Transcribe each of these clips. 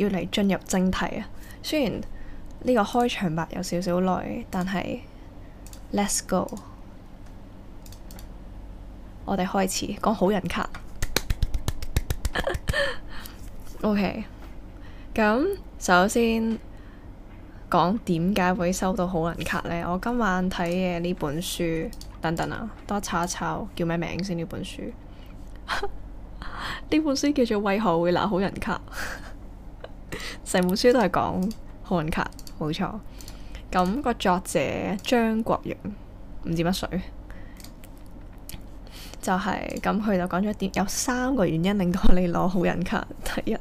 要嚟進入正題啊！雖然呢個開場白有少少耐，但係 Let's go，我哋開始講好人卡。 OK，咁首先講點解會收到好人卡呢？我今晚睇嘅呢本書等等啊，多一查一查叫咩名先？呢本書呢 本書叫做《為何會拿好人卡。》 成本書都係講好人卡，冇錯。咁個作者張國榮唔知乜水，就係咁，佢就講咗一點，有三個原因令到你攞好人卡。第一，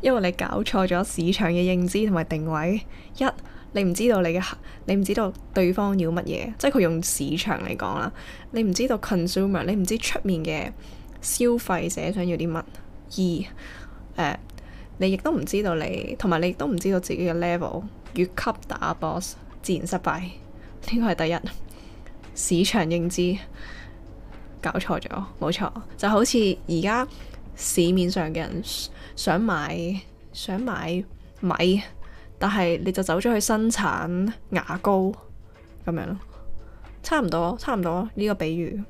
因為你搞錯咗市場嘅認知同埋定位。一，你唔知道你嘅，你唔知道對方要乜嘢，即係佢用市場嚟講啦，你唔知道 consumer，你唔知出面嘅消費者想要啲乜。二，呃你亦都唔知道你，同埋你亦都唔知道自己嘅 level，越級打 boss 自然失敗，呢個係第一。市場認知搞錯咗，冇錯，就好似而家市面上嘅人想買想買米，但係你就走咗去生產牙膏咁樣咯，差唔多，差唔多呢個比喻。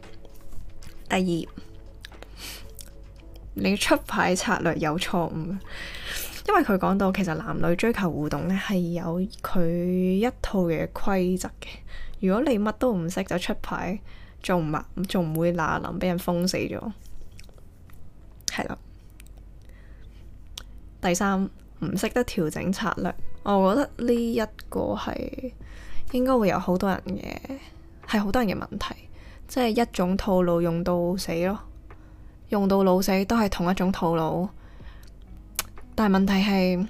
第二。你出牌策略有錯誤，因為佢講到其實男女追求互動呢，係有佢一套嘅規則嘅。如果你乜都唔識就出牌，仲唔，仲唔會嗱臨俾人封死咗，係啦。第三，唔識得調整策略，我覺得呢一個係應該會有好多人嘅，係好多人嘅問題，即係一種套路用到死咯。用到老死都係同一種套路，但係問題係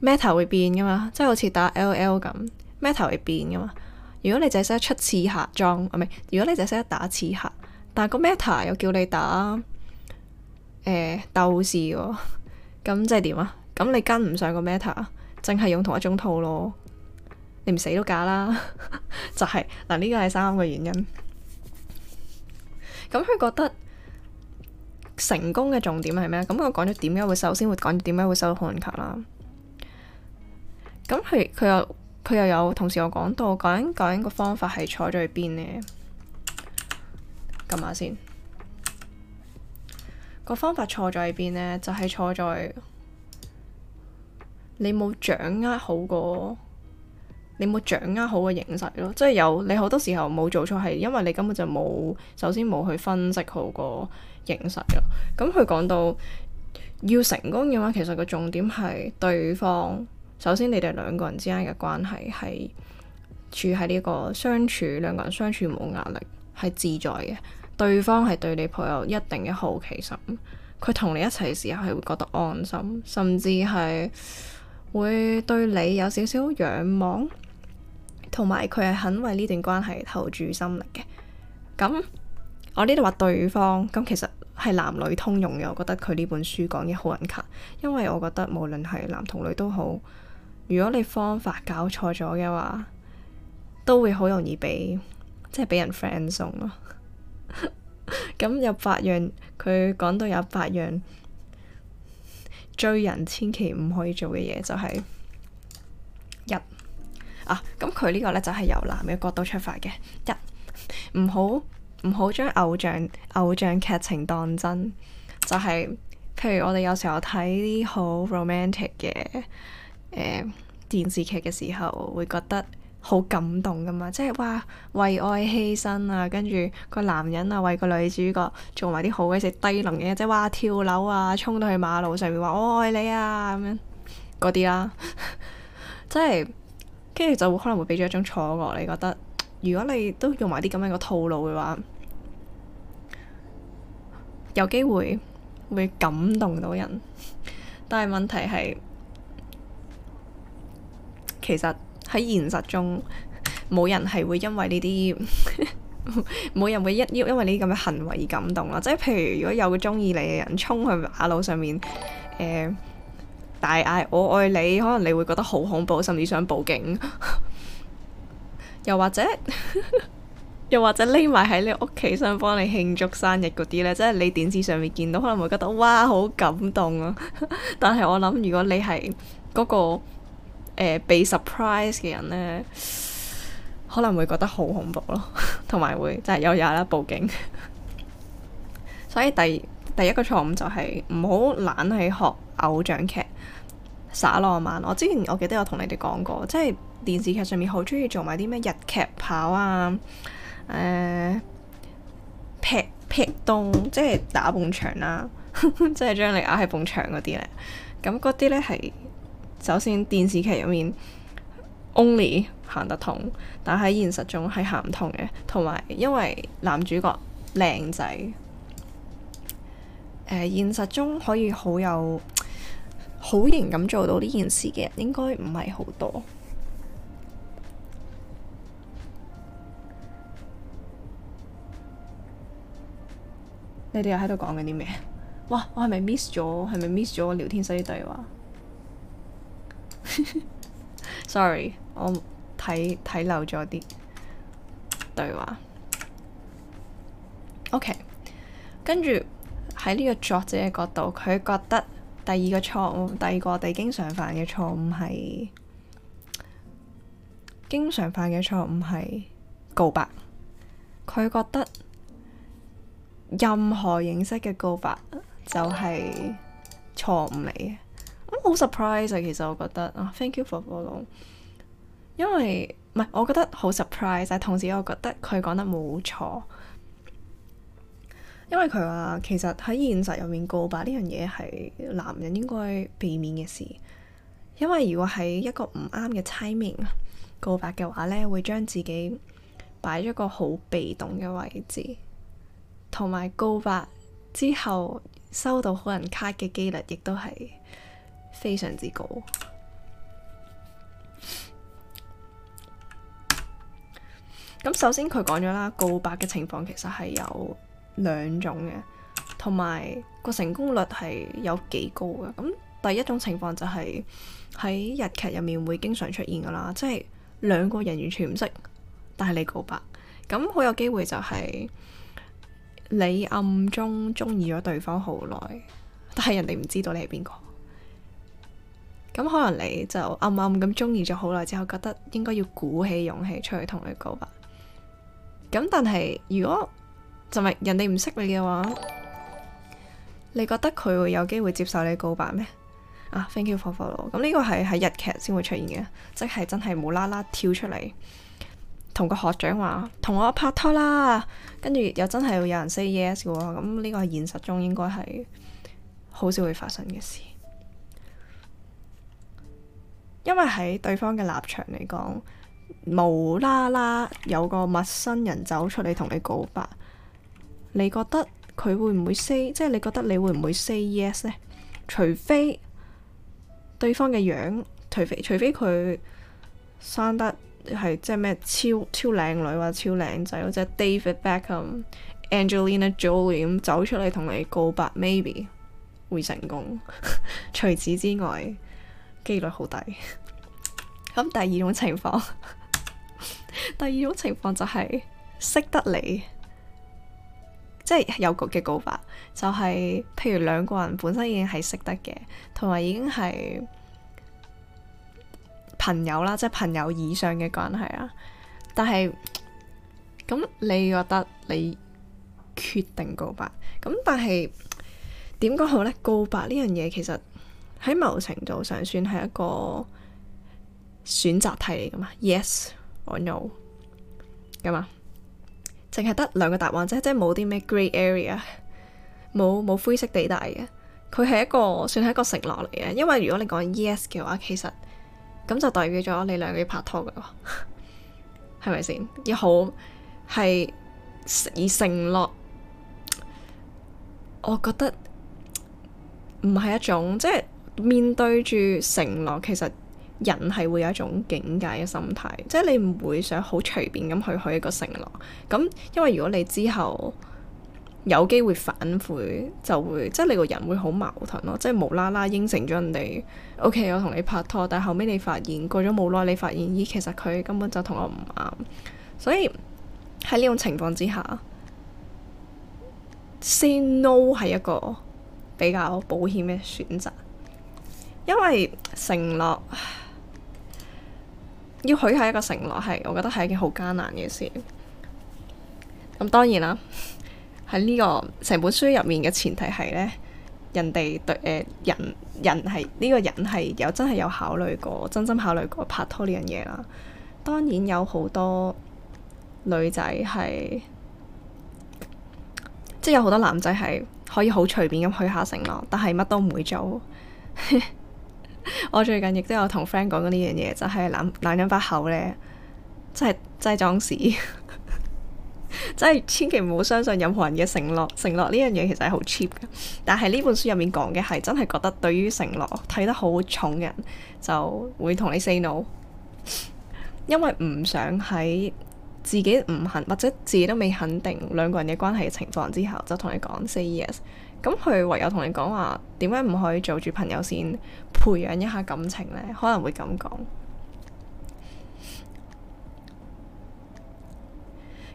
Meta 會變噶嘛？即係好似打 l l 咁，Meta 會變噶嘛？如果你淨係識得出刺客裝，唔係，如果你淨係識得打刺客，但係個 Meta 又叫你打誒鬥、欸、士喎，咁即係點啊？咁你跟唔上個 Meta，淨係用同一種套路，你唔死都假啦， 就係嗱呢個係三個原因，咁佢覺得。成功嘅重點係咩？咁我講咗點解會首先講會講點解會收到好人卡啦。咁佢佢又佢又有同時又講到究竟，究竟個方法係錯在邊呢？撳下先個方法錯在邊呢？就係錯在你冇掌握好個你冇掌握好嘅形勢咯，即係有你好多時候冇做錯，係因為你根本就冇首先冇去分析好個。現實啊，咁佢講到要成功嘅話，其實個重點係對方，首先你哋兩個人之間嘅關係係處喺呢個相處，兩個人相處冇壓力，係自在嘅。對方係對你抱有一定嘅好奇心，佢同你一齊嘅時候係會覺得安心，甚至係會對你有少少仰望，同埋佢係肯為呢段關係投注心力嘅。咁、嗯我呢度話對方，咁其實係男女通用嘅。我覺得佢呢本書講嘢好人卡，因為我覺得無論係男同女都好，如果你方法搞錯咗嘅話，都會好容易俾即係俾人 friend zone 咯。咁 有八樣，佢講到有八樣追人千祈唔可以做嘅嘢，就係、是、一啊。咁佢呢個呢，就係由男嘅角度出發嘅，一唔好。唔好將偶像偶像劇情當真，就係、是、譬如我哋有時候睇啲好 romantic 嘅誒、呃、電視劇嘅時候，會覺得好感動噶嘛，即係哇為愛犧牲啊，跟住個男人啊為個女主角做埋啲好鬼死低能嘅，即係哇跳樓啊，衝到去馬路上面話我愛你啊咁樣嗰啲啦， 即係跟住就會可能會俾咗一種錯覺，你覺得如果你都用埋啲咁樣嘅套路嘅話。有機會會感動到人，但係問題係，其實喺現實中冇人係會因為呢啲冇人會一因因為呢啲咁嘅行為而感動啦。即係譬如如果有個中意你嘅人衝去馬路上面誒、呃、大嗌我愛你，可能你會覺得好恐怖，甚至想報警。 又或者。 又或者匿埋喺你屋企想幫你慶祝生日嗰啲呢？即係你電視上面見到，可能會覺得哇好感動啊！ 但係我諗，如果你係嗰、嗰個、呃、被 surprise 嘅人呢，可能會覺得好恐怖咯，啊，同 埋會真係有嘢啦，報警。 所以第第一個錯誤就係唔好懶去學偶像劇，耍浪漫。我之前我記得有同你哋講過，即係電視劇上面好中意做埋啲咩日劇跑啊～誒、uh，劈劈東，即係打崩牆啦，即係將、啊、 你壓喺崩牆嗰啲咧。咁嗰啲咧係首先電視劇入面 only 行得通，但喺現實中係行唔通嘅。同埋因為男主角靚仔，誒、呃、現實中可以好有好型咁做到呢件事嘅人，應該唔係好多。你哋又喺度講緊啲咩？哇！我係咪 miss 咗？係咪 miss 咗個聊天室啲對話 ？Sorry，我睇睇漏咗啲對話。OK，跟住喺呢個作者嘅角度，佢覺得第二個錯誤，第二個我哋經常犯嘅錯誤，係經常犯嘅錯誤係告白。佢覺得。任何形式嘅告白就係錯誤嚟嘅，我好 surprise 啊！其實我覺得啊，thank you for follow，因為唔係我覺得好 surprise，但同時我覺得佢講得冇錯，因為佢話其實喺現實入面告白呢樣嘢係男人應該避免嘅事，因為如果喺一個唔啱嘅 timing 告白嘅話呢，會將自己擺咗個好被動嘅位置。同埋告白之後收到好人卡嘅機率，亦都係非常之高。咁首先佢講咗啦，告白嘅情況其實係有兩種嘅，同埋個成功率係有幾高嘅。咁第一種情況就係喺日劇入面會經常出現噶啦，即係兩個人完全唔識，但係你告白，咁好有機會就係、是。你暗中中意咗對方好耐，但係人哋唔知道你係邊個，咁可能你就暗暗咁中意咗好耐之後，覺得應該要鼓起勇氣出去同佢告白。咁但係如果就係人哋唔識你嘅話，你覺得佢會有機會接受你告白咩？啊，thank you for follow。咁呢個係喺日劇先會出現嘅，即係真係無啦啦跳出嚟。同個學長話：同我拍拖啦，跟住又真係有人 say yes 嘅喎。咁呢個係現實中應該係好少會發生嘅事，因為喺對方嘅立場嚟講，無啦啦有個陌生人走出嚟同你告白，你覺得佢會唔會 say？即係你覺得你會唔會 say yes 呢？除非對方嘅樣，除非除非佢生得。係即係咩超超靚女或超靚仔或者 David Beckham、Angelina Jolie 咁走出嚟同你告白，maybe 會成功。 除此之外，機率好低。咁 第二種情況， 第二種情況就係、是、識得你，即、就、係、是、有局嘅告白，就係、是、譬如兩個人本身已經係識得嘅，同埋已經係。朋友啦，即係朋友以上嘅關係啊。但係咁，你覺得你決定告白咁，但係點講好呢？告白呢樣嘢其實喺某程度上算係一個選擇題嚟噶嘛？Yes or no 咁啊，淨係得兩個答案啫，即係冇啲咩 grey area，冇冇灰色地帶嘅。佢係一個算係一個承諾嚟嘅，因為如果你講 yes 嘅話，其實。咁就代表咗你兩個要拍拖噶啦，係咪先？要好係以承諾，我覺得唔係一種，即係面對住承諾，其實人係會有一種境界嘅心態，即係你唔會想好隨便咁去許一個承諾。咁因為如果你之後，有機會反悔就會，即係你個人會好矛盾咯。即係無啦啦應承咗人哋，OK，我同你拍拖，但係後尾你發現過咗冇耐，你發現咦，其實佢根本就同我唔啱，所以喺呢種情況之下 say no 係一個比較保險嘅選擇，因為承諾要許下一個承諾係，我覺得係一件好艱難嘅事。咁當然啦。喺呢、這個成本書入面嘅前提係呢，人哋對誒、呃、人人係呢、這個人係有真係有考慮過，真心考慮過拍拖呢樣嘢啦。當然有好多女仔係，即係有好多男仔係可以好隨便咁許下承諾，但係乜都唔會做。 我最近亦都有同 friend 講過呢樣嘢，就係男男人把口呢，真係真係裝屎。 真係千祈唔好相信任何人嘅承諾，承諾呢樣嘢其實係好 cheap 嘅。但係呢本書入面講嘅係真係覺得對於承諾睇得好重嘅人，就會同你 say no， 因為唔想喺自己唔肯或者自己都未肯定兩個人嘅關係嘅情況之後，就同你講 say yes。咁佢唯有同你講話，點解唔可以做住朋友先培養一下感情呢？可能會咁講。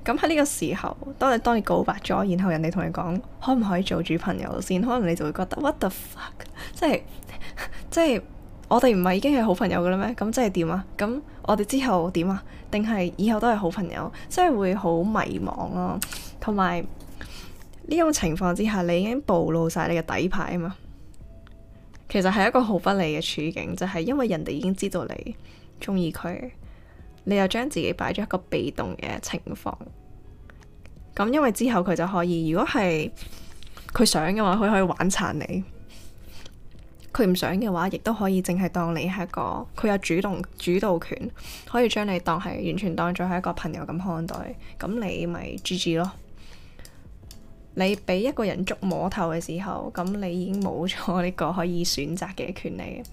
咁喺呢個時候，當你當你告白咗，然後人哋同你講可唔可以做主朋友先，可能你就會覺得 What the fuck，即係即係我哋唔係已經係好朋友㗎喇咩？咁即係點啊？咁我哋之後點啊？定係以後都係好朋友，即係會好迷茫咯、啊。同埋呢種情況之下，你已經暴露晒你嘅底牌啊嘛，其實係一個好不利嘅處境，就係、是、因為人哋已經知道你中意佢。你又將自己擺咗一個被動嘅情況，咁因為之後佢就可以，如果係佢想嘅話，佢可以玩殘你；佢唔想嘅話，亦都可以淨係當你係一個佢有主動主導權，可以將你當係完全當咗係一個朋友咁看待。咁你咪 G. G. 咯？你俾一個人捉摸透嘅時候，咁你已經冇咗呢個可以選擇嘅權利。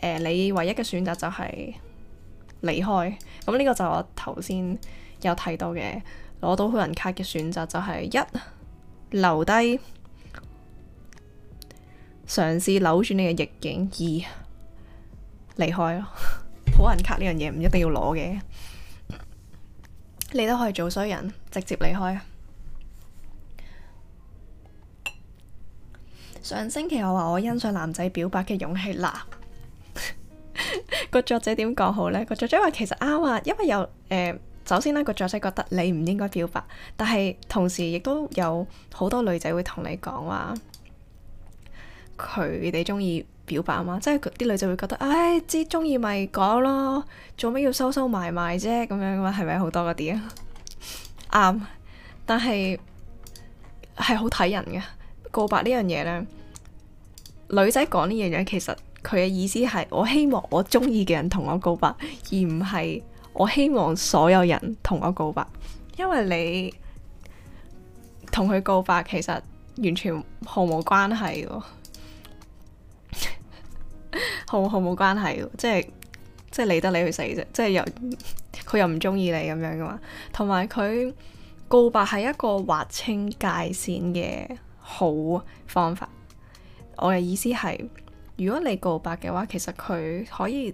呃，你唯一嘅選擇就係、是、～離開，咁呢個就係我頭先有提到嘅，攞到好人卡嘅選擇就係一留低，嘗試扭轉你嘅逆境；二離開咯， 好人卡呢樣嘢唔一定要攞嘅，你都可以做衰人，直接離開。上星期我話我欣賞男仔表白嘅勇氣喇。個 作者點講好呢？個作者話其實啱啊，因為有誒、呃，首先呢個作者覺得你唔應該表白，但係同時亦都有好多女仔會同你講話，佢哋中意表白嘛，即係啲女仔會覺得，唉、哎，知中意咪講咯，做咩要收收埋埋啫？咁樣嘅話，係咪好多嗰啲啊？啱、 嗯，但係係好睇人嘅，告白呢樣嘢呢，女仔講呢樣嘢其實。佢嘅意思係我希望我中意嘅人同我告白，而唔係我希望所有人同我告白。因為你同佢告白其實完全毫無關係喎，毫 毫無關係嘅，即係即係理得你去死啫，即係又佢又唔中意你咁樣噶嘛。同埋佢告白係一個劃清界線嘅好方法。我嘅意思係。如果你告白嘅話，其實佢可以；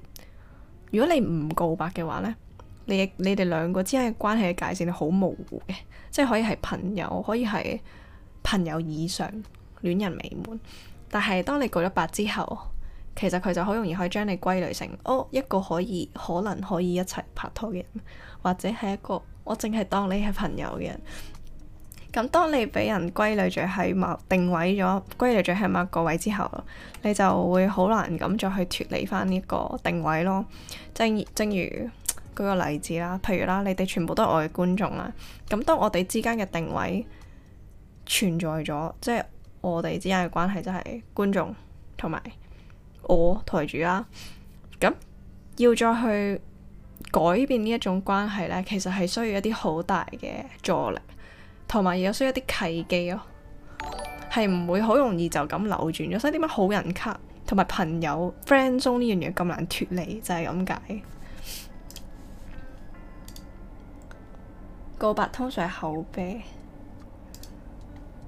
如果你唔告白嘅話呢，你你哋兩個之間嘅關係嘅界線係好模糊嘅，即係可以係朋友，可以係朋友以上，戀人未滿。但係當你告咗白之後，其實佢就好容易可以將你歸類成哦一個可以可能可以一齊拍拖嘅人，或者係一個我淨係當你係朋友嘅人。咁，當你俾人歸類咗喺某定位咗，歸類咗喺某個位之後，你就會好難咁再去脱離翻呢個定位咯。正正如舉個例子啦，譬如啦，你哋全部都係我嘅觀眾啦。咁當我哋之間嘅定位存在咗，即係我哋之間嘅關係，就係觀眾同埋我台主啦。咁要再去改變呢一種關係咧，其實係需要一啲好大嘅助力。同埋又需要一啲契機咯，係唔會好容易就咁扭轉咗，所以點解好人卡同埋朋友 friend 中呢樣嘢咁難脫離就係咁解。告 白通常係口碑，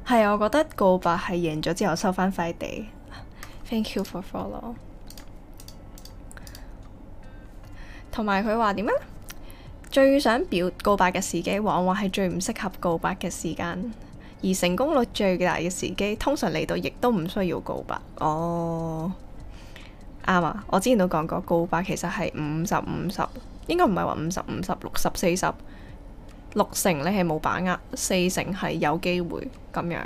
係啊，我覺得告白係贏咗之後收翻塊地，thank you for follow，同埋佢話點啊？最想表告白嘅時機，往往係最唔適合告白嘅時間；而成功率最大嘅時機，通常嚟到亦都唔需要告白。哦，啱啊！我之前都講過，告白其實係五十五十，應該唔係話五十五十六十四十，六成你係冇把握，四成係有機會咁樣，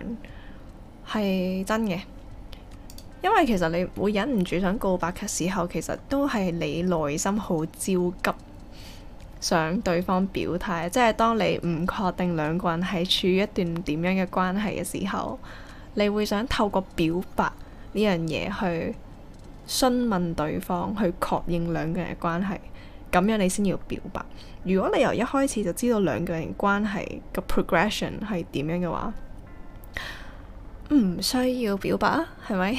係真嘅。因為其實你會忍唔住想告白嘅時候，其實都係你內心好焦急。想對方表態，即係當你唔確定兩個人係處於一段點樣嘅關係嘅時候，你會想透過表白呢樣嘢去詢問對方，去確認兩個人嘅關係。咁樣你先要表白。如果你由一開始就知道兩個人關係嘅 progression 係點樣嘅話，唔需要表白啊，係咪？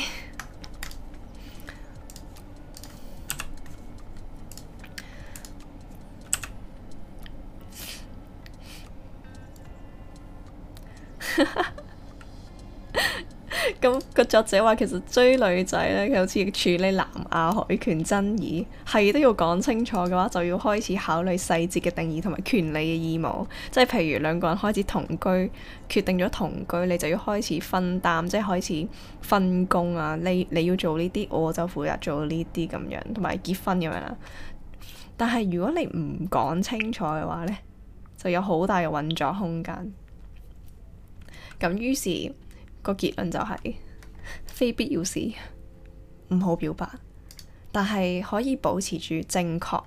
咁 個作者話，其實追女仔呢，好似處理南亞海權爭議，係都要講清楚嘅話，就要開始考慮細節嘅定義同埋權利嘅義務。即係譬如兩個人開始同居，決定咗同居，你就要開始分擔，即係開始分工啊。你你要做呢啲，我就負責做呢啲咁樣，同埋結婚咁樣啦。但係如果你唔講清楚嘅話呢，就有好大嘅運作空間。咁於是個結論就係，非必要時唔好表白，但係可以保持住正確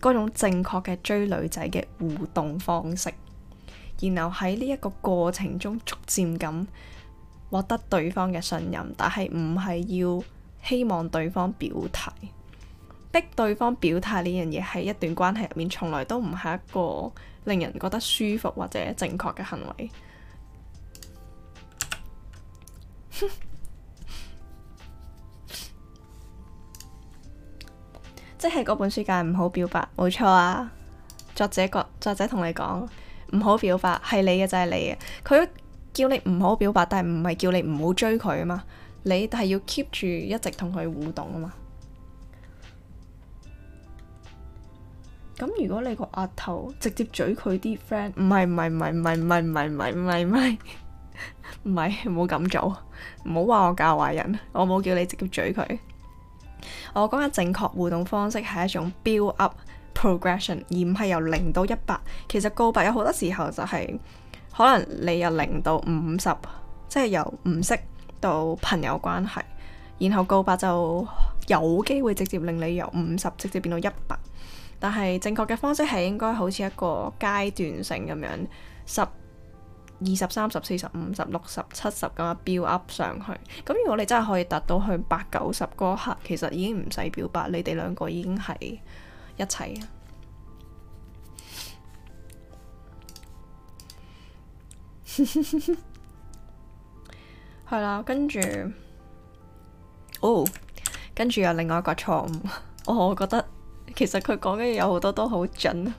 嗰種正確嘅追女仔嘅互動方式，然後喺呢一個過程中逐漸咁獲得對方嘅信任，但係唔係要希望對方表態，逼對方表態呢樣嘢喺一段關係入面從來都唔係一個令人覺得舒服或者正確嘅行為。 即係嗰本書教唔好表白，冇錯啊！作者作者同你講唔好表白，係你嘅就係、是、你嘅。佢叫你唔好表白，但係唔係叫你唔好追佢啊嘛。你但係要 keep 住一直同佢互動啊嘛。咁如果你個額頭直接嘴佢啲 friend，唔係唔係唔係唔係唔係唔係唔係唔係唔係唔係唔好咁做。唔好話我教壞人，我冇叫你直接嘴佢。我講嘅正確互動方式係一種 build up progression，而唔係由零到一百。其實告白有好多時候就係可能你由零到五十，即係由唔識到朋友關係，然後告白就有機會直接令你由五十直接變到一百。但係正確嘅方式係應該好似一個階段性咁樣十。二十三、十四、uh, really uh, uh, oh,、十五、 十六、十七、十咁啊 build up 上去。咁如果你真係可以達到去八九十嗰刻，其實已經唔使表白，你哋兩個已經係一齊。係啦，跟住，哦，跟住有另外一個錯誤。我覺得其實佢講嘅嘢有好多都好準，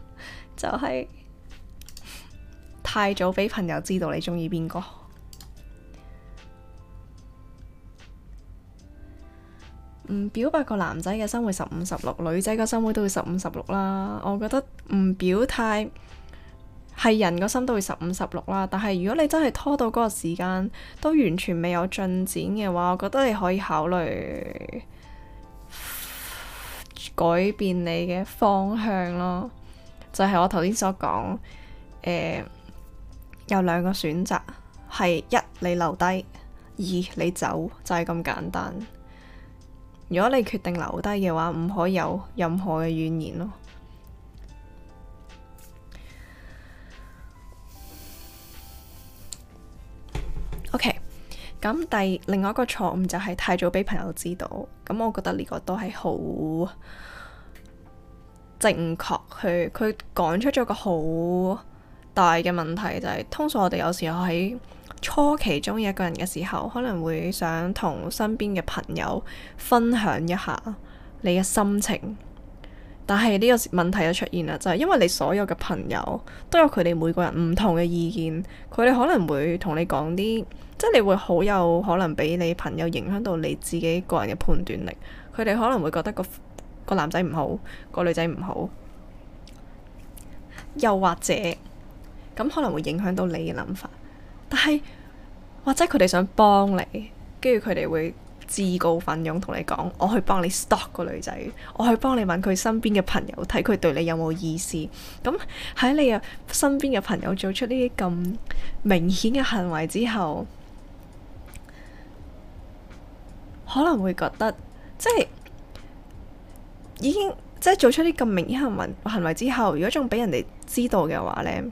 就係。太早俾朋友知道你中意邊個，唔表白個男仔嘅生活十五十六，16，女仔嘅生活都會十五十六啦。我覺得唔表態，係人個心都會十五十六啦。但係如果你真係拖到嗰個時間都完全未有進展嘅話，我覺得你可以考慮改變你嘅方向咯。就係、是、我頭先所講，呃有兩個選擇，係一你留低，二你走，就係、是、咁簡單。如果你決定留低嘅話，唔可以有任何嘅怨言咯。OK，咁第二，另外一個錯誤就係太早俾朋友知道。咁我覺得呢個都係好正確，去佢講出咗個好大嘅問題就係，通常我哋有時候喺初期中意一個人嘅時候，可能會想同身邊嘅朋友分享一下你嘅心情。但係呢個問題就出現啦，就係因為你所有嘅朋友都有佢哋每個人唔同嘅意見，佢哋可能會同你講啲，即係你會好有可能俾你朋友影響到你自己個人嘅判斷力。佢哋可能會覺得個個男仔唔好，個女仔唔好，又或者。咁可能會影響到你嘅諗法，但係，或者佢哋想幫你，跟住佢哋會自告奮勇同你講：我去幫你 stop 個女仔，我去幫你問佢身邊嘅朋友睇佢對你有冇意思。咁喺你呀身邊嘅朋友做出呢啲咁明顯嘅行為之後，可能會覺得即係已經即係做出啲咁明顯行為行為之後，如果仲俾人哋知道嘅話咧。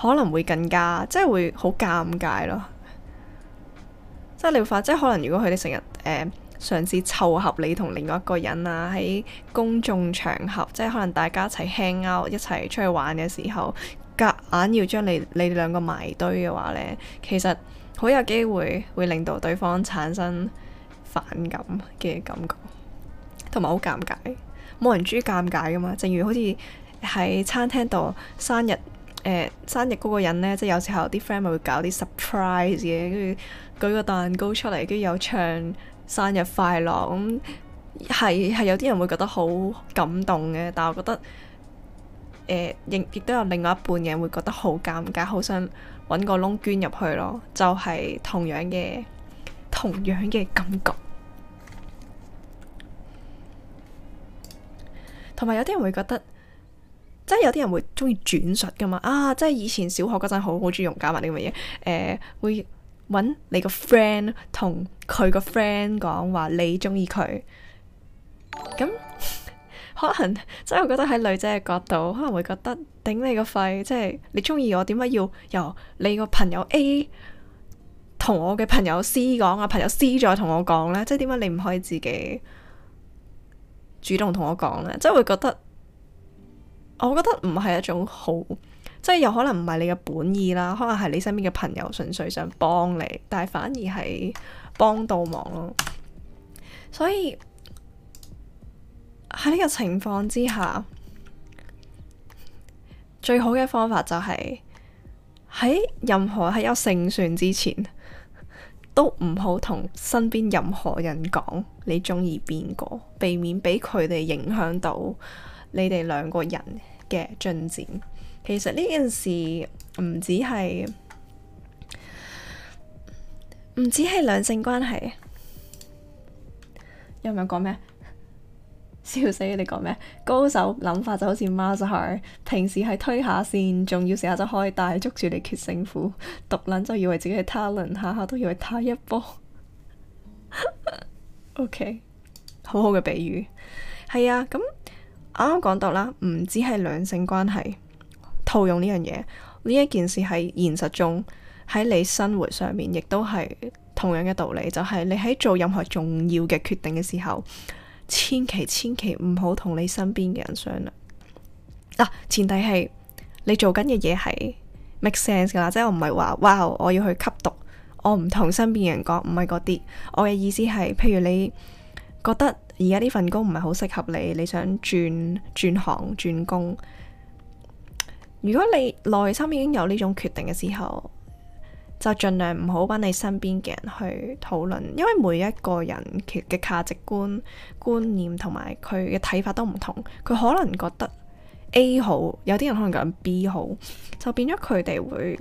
可能會更加即係會好尷尬咯，即係你會發即係可能如果佢哋成日誒嘗試湊合你同另外一個人啊，喺公眾場合，即係可能大家一齊 hang out，一齊出去玩嘅時候，夾硬要將你你兩個埋堆嘅話呢，其實好有機會會令到對方產生反感嘅感覺，同埋好尷尬，冇人中意尷尬噶嘛。正如好似喺餐廳度生日。誒、呃、生日嗰個人呢，即係有時候啲 friend 咪會搞啲 surprise 嘅，跟住舉個蛋糕出嚟，跟住又唱生日快樂，咁係係有啲人會覺得好感動嘅，但係我覺得、呃、亦，亦都有另外一半嘅人會覺得好尷尬，好想揾個窿捐入去咯，就係、是、同樣嘅同樣嘅感覺，同埋有啲人會覺得。即係有啲人會中意轉述噶嘛啊！即係以前小學嗰陣好好中意用假物啲咁嘅嘢，誒、呃，會搵你個 friend 同佢個 friend 講話，你中意佢。咁可能即係我覺得喺女仔嘅角度，可能會覺得頂你個肺，即係你中意我，點解要由你個朋友 A 同我嘅朋友 C 講啊？朋友 C 再同我講呢？即係點解你唔可以自己主動同我講呢？即係會覺得。我覺得唔係一種好，即係有可能唔係你嘅本意啦，可能係你身邊嘅朋友純粹想幫你，但係反而係幫倒忙咯。所以喺呢個情況之下，最好嘅方法就係、係、喺任何喺有勝算之前，都唔好同身邊任何人講你中意邊個，避免俾佢哋影響到。你哋兩個人嘅進展，其實呢件事唔止係唔止係兩性關係。有冇人講咩？笑死你講咩？高手諗法就好似 Master，平時係推下線，仲要成日就開大捉住你決勝負，毒撚就以為自己係 Talon 下下都以為打一波。 OK，好好嘅比喻。係啊，咁。啱啱講到啦，唔止係兩性關係套用呢樣嘢，呢一件事喺現實中喺你生活上面，亦都係同樣嘅道理。就係、是、你喺做任何重要嘅決定嘅時候，千祈千祈唔好同你身邊嘅人商量啊。前提係你做緊嘅嘢係 make sense 㗎啦，即係我唔係話哇我要去吸毒，我唔同身邊人講唔係嗰啲。我嘅意思係，譬如你，覺得而家呢份工唔係好適合你，你想轉轉行轉工。如果你內心已經有呢種決定嘅時候，就盡量唔好揾你身邊嘅人去討論，因為每一個人嘅價值觀、觀念同埋佢嘅睇法都唔同，佢可能覺得 A 好，有啲人可能講 B 好，就變咗佢哋會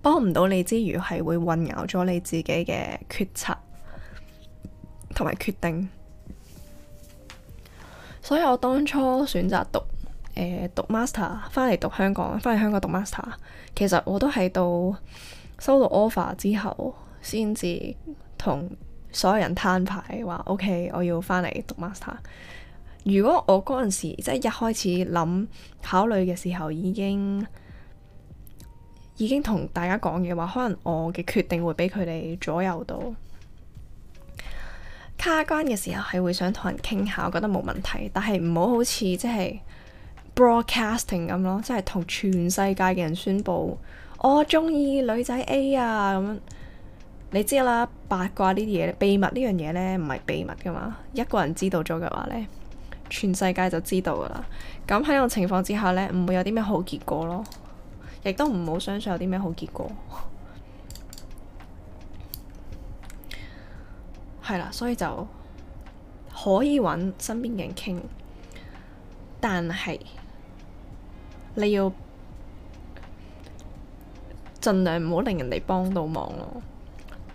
幫唔到你之餘，係會混淆咗你自己嘅決策。同埋決定，所以我當初選擇讀誒、呃、讀 master，翻嚟讀香港，翻嚟香港讀 master，其實我都係到收到 offer 之後，先至同所有人攤牌話，OK，我要翻嚟讀 master。如果我嗰陣時即係一開始諗考慮嘅時候已，已經已經同大家講嘅話，可能我嘅決定會俾佢哋左右到。卡關嘅時候係會想同人傾下，我覺得冇問題，但係唔好好似即係 broadcasting 咁咯，即係同全世界嘅人宣佈我中意女仔 A 啊咁樣、嗯。你知啦，八卦呢啲嘢，秘密呢樣嘢呢，唔係秘密噶嘛，一個人知道咗嘅話呢，全世界就知道噶啦。咁喺呢個情況之下呢，唔會有啲咩好結果咯，亦都唔好相信有啲咩好結果。係啦，所以就可以揾身邊嘅人傾，但係你要盡量唔好令人哋幫到忙咯，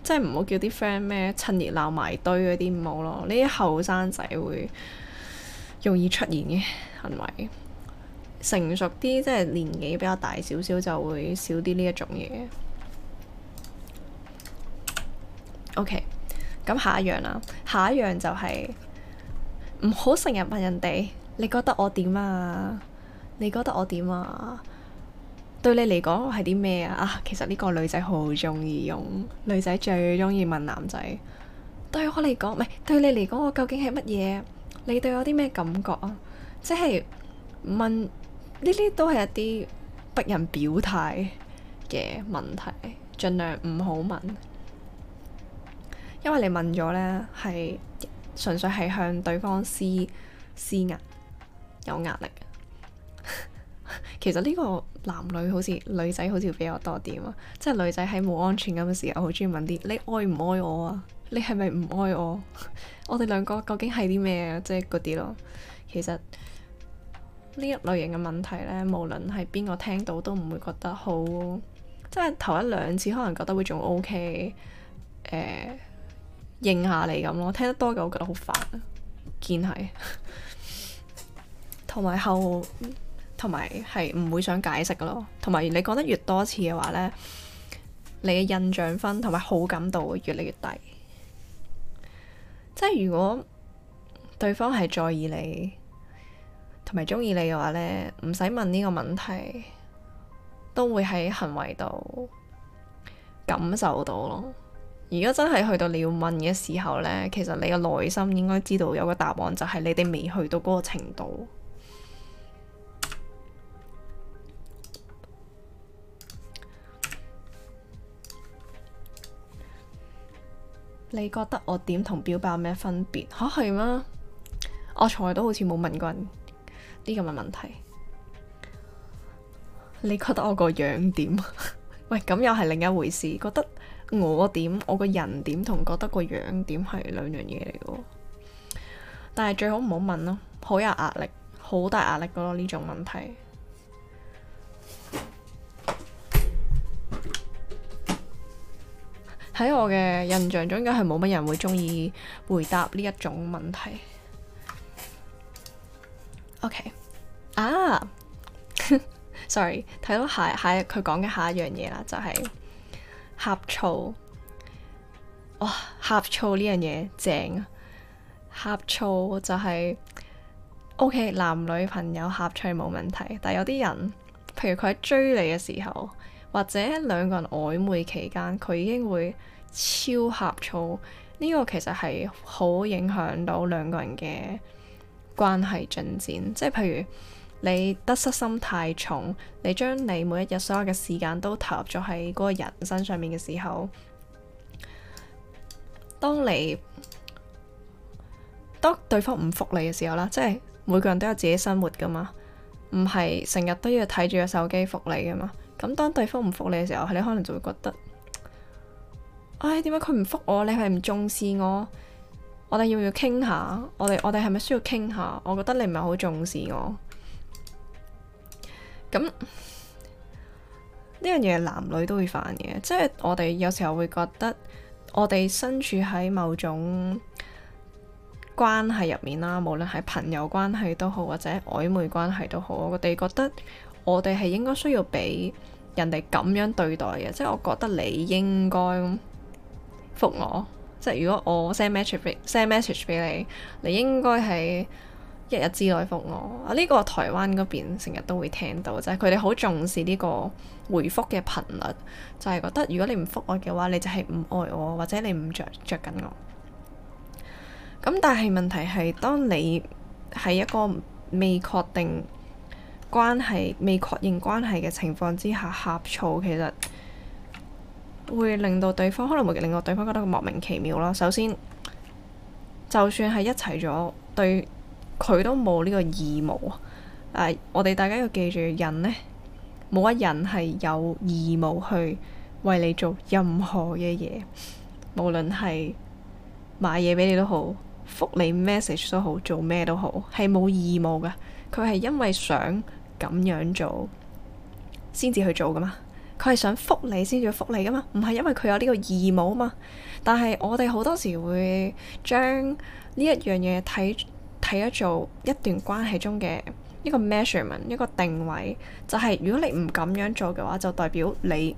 即係唔好叫啲 friend 咩趁熱鬧埋堆嗰啲唔好咯。呢啲後生仔會容易出現嘅行為，成熟啲即係年紀比較大少少就會少啲呢一種嘢。OK。咁下一樣啦，下一樣就係唔好成日問人哋，你覺得我點啊？你覺得我點啊？對你嚟講係啲咩啊？啊，其實呢個女仔好中意用，女仔最中意問男仔。對我嚟講，唔係對你嚟講，我究竟係乜嘢？你對我啲咩感覺啊？即係問呢啲都係一啲逼人表態嘅問題，盡量唔好問。因為你問咗呢，係純粹係向對方施施壓，有壓力。 其實呢個男女好似女仔好似比較多啲啊，即係女仔喺冇安全咁嘅安全感嘅時候，好中意問啲你愛唔愛我啊？你係咪唔愛我？ 我哋兩個究竟係啲咩啊？即係嗰啲咯。其實呢一類型嘅問題呢，無論係邊個聽到都唔會覺得好，即係頭一兩次可能覺得會仲 OK。呃認下你咁咯，聽得多嘅我覺得好煩，見係，同埋後，同埋係唔會想解釋嘅咯。同埋你講得越多次嘅話呢，你嘅印象分同埋好感度會越嚟越低。即係如果對方係在意你，同埋中意你嘅話呢，唔使問呢個問題，都會喺行為度感受到咯。如果真係去到你要問嘅時候呢，其實你嘅內心應該知道有個答案，就係你哋未去到嗰個程度。 你覺得我點同表白有咩分別？嚇、啊、係嗎？我從來都好似冇問過人啲咁嘅問題。你覺得我個樣點？ 喂，咁又係另一回事。覺得。我個點？我個人點同覺得個樣點係兩樣嘢嚟嘅。但係最好唔好問咯，好有壓力，好大壓力嘅咯呢種問題。喺我嘅印象中，應該係冇乜人會中意回答呢一種問題。OK，啊、ah. ，sorry，睇到下下佢講嘅下一樣嘢啦，就係、是。呷醋，哇！呷醋呢樣嘢正啊！呷醋就係 OK 男女朋友呷醋冇問題，但係有啲人，譬如佢喺追你嘅時候，或者兩個人曖昧期間，佢已經會超呷醋，呢個其實係好影響到兩個人嘅關係進展，即係譬如。你得失心太重，你將你每一日所有嘅時間都投入咗喺嗰個人身上面嘅時候，當你當對方唔覆你嘅時候啦，即係每個人都有自己生活噶嘛，唔係成日都要睇住個手機覆你噶嘛。咁當對方唔覆你嘅時候，你可能就會覺得，唉，點解佢唔覆我？你係唔重視我？我哋要唔要傾下？我哋我哋係咪需要傾下？我覺得你唔係好重視我。咁呢樣嘢男女都會犯嘅，即係我哋有時候會覺得，我哋身處喺某種關係入面啦，無論係朋友關係都好，或者曖昧關係都好，我哋覺得我哋係應該需要俾人哋咁樣對待嘅，即係我覺得你應該覆我即係如果我 send message 俾 send message 俾你，你應該係。日日之內覆我，啊呢、呢個台灣嗰邊成日都會聽到，就係佢哋好重視呢個回覆嘅頻率，就係、係、覺得如果你唔覆我嘅話，你就係唔愛我，或者你唔着著緊我。咁但係問題係，當你係一個未確定關係、未確認關係嘅情況之下，呷醋其實會令到對方可能會令到對方覺得莫名其妙囉。首先，就算係一齊咗對。佢都冇呢個義務啊！我哋大家要記住，人呢，冇一人都係有義務去為你做任何嘅嘢，無論係買嘢俾你都好，覆你 message 都好，做咩都好，係冇義務噶。佢係因為想咁樣做先至去做噶嘛。佢係想覆你先至要覆你噶嘛，唔係因為佢有呢個義務啊嘛。但係我哋好多時會將呢一樣嘢睇。係一做一段關係中嘅一個 measurement，一個定位，就係如果你唔咁樣做嘅話，就代表你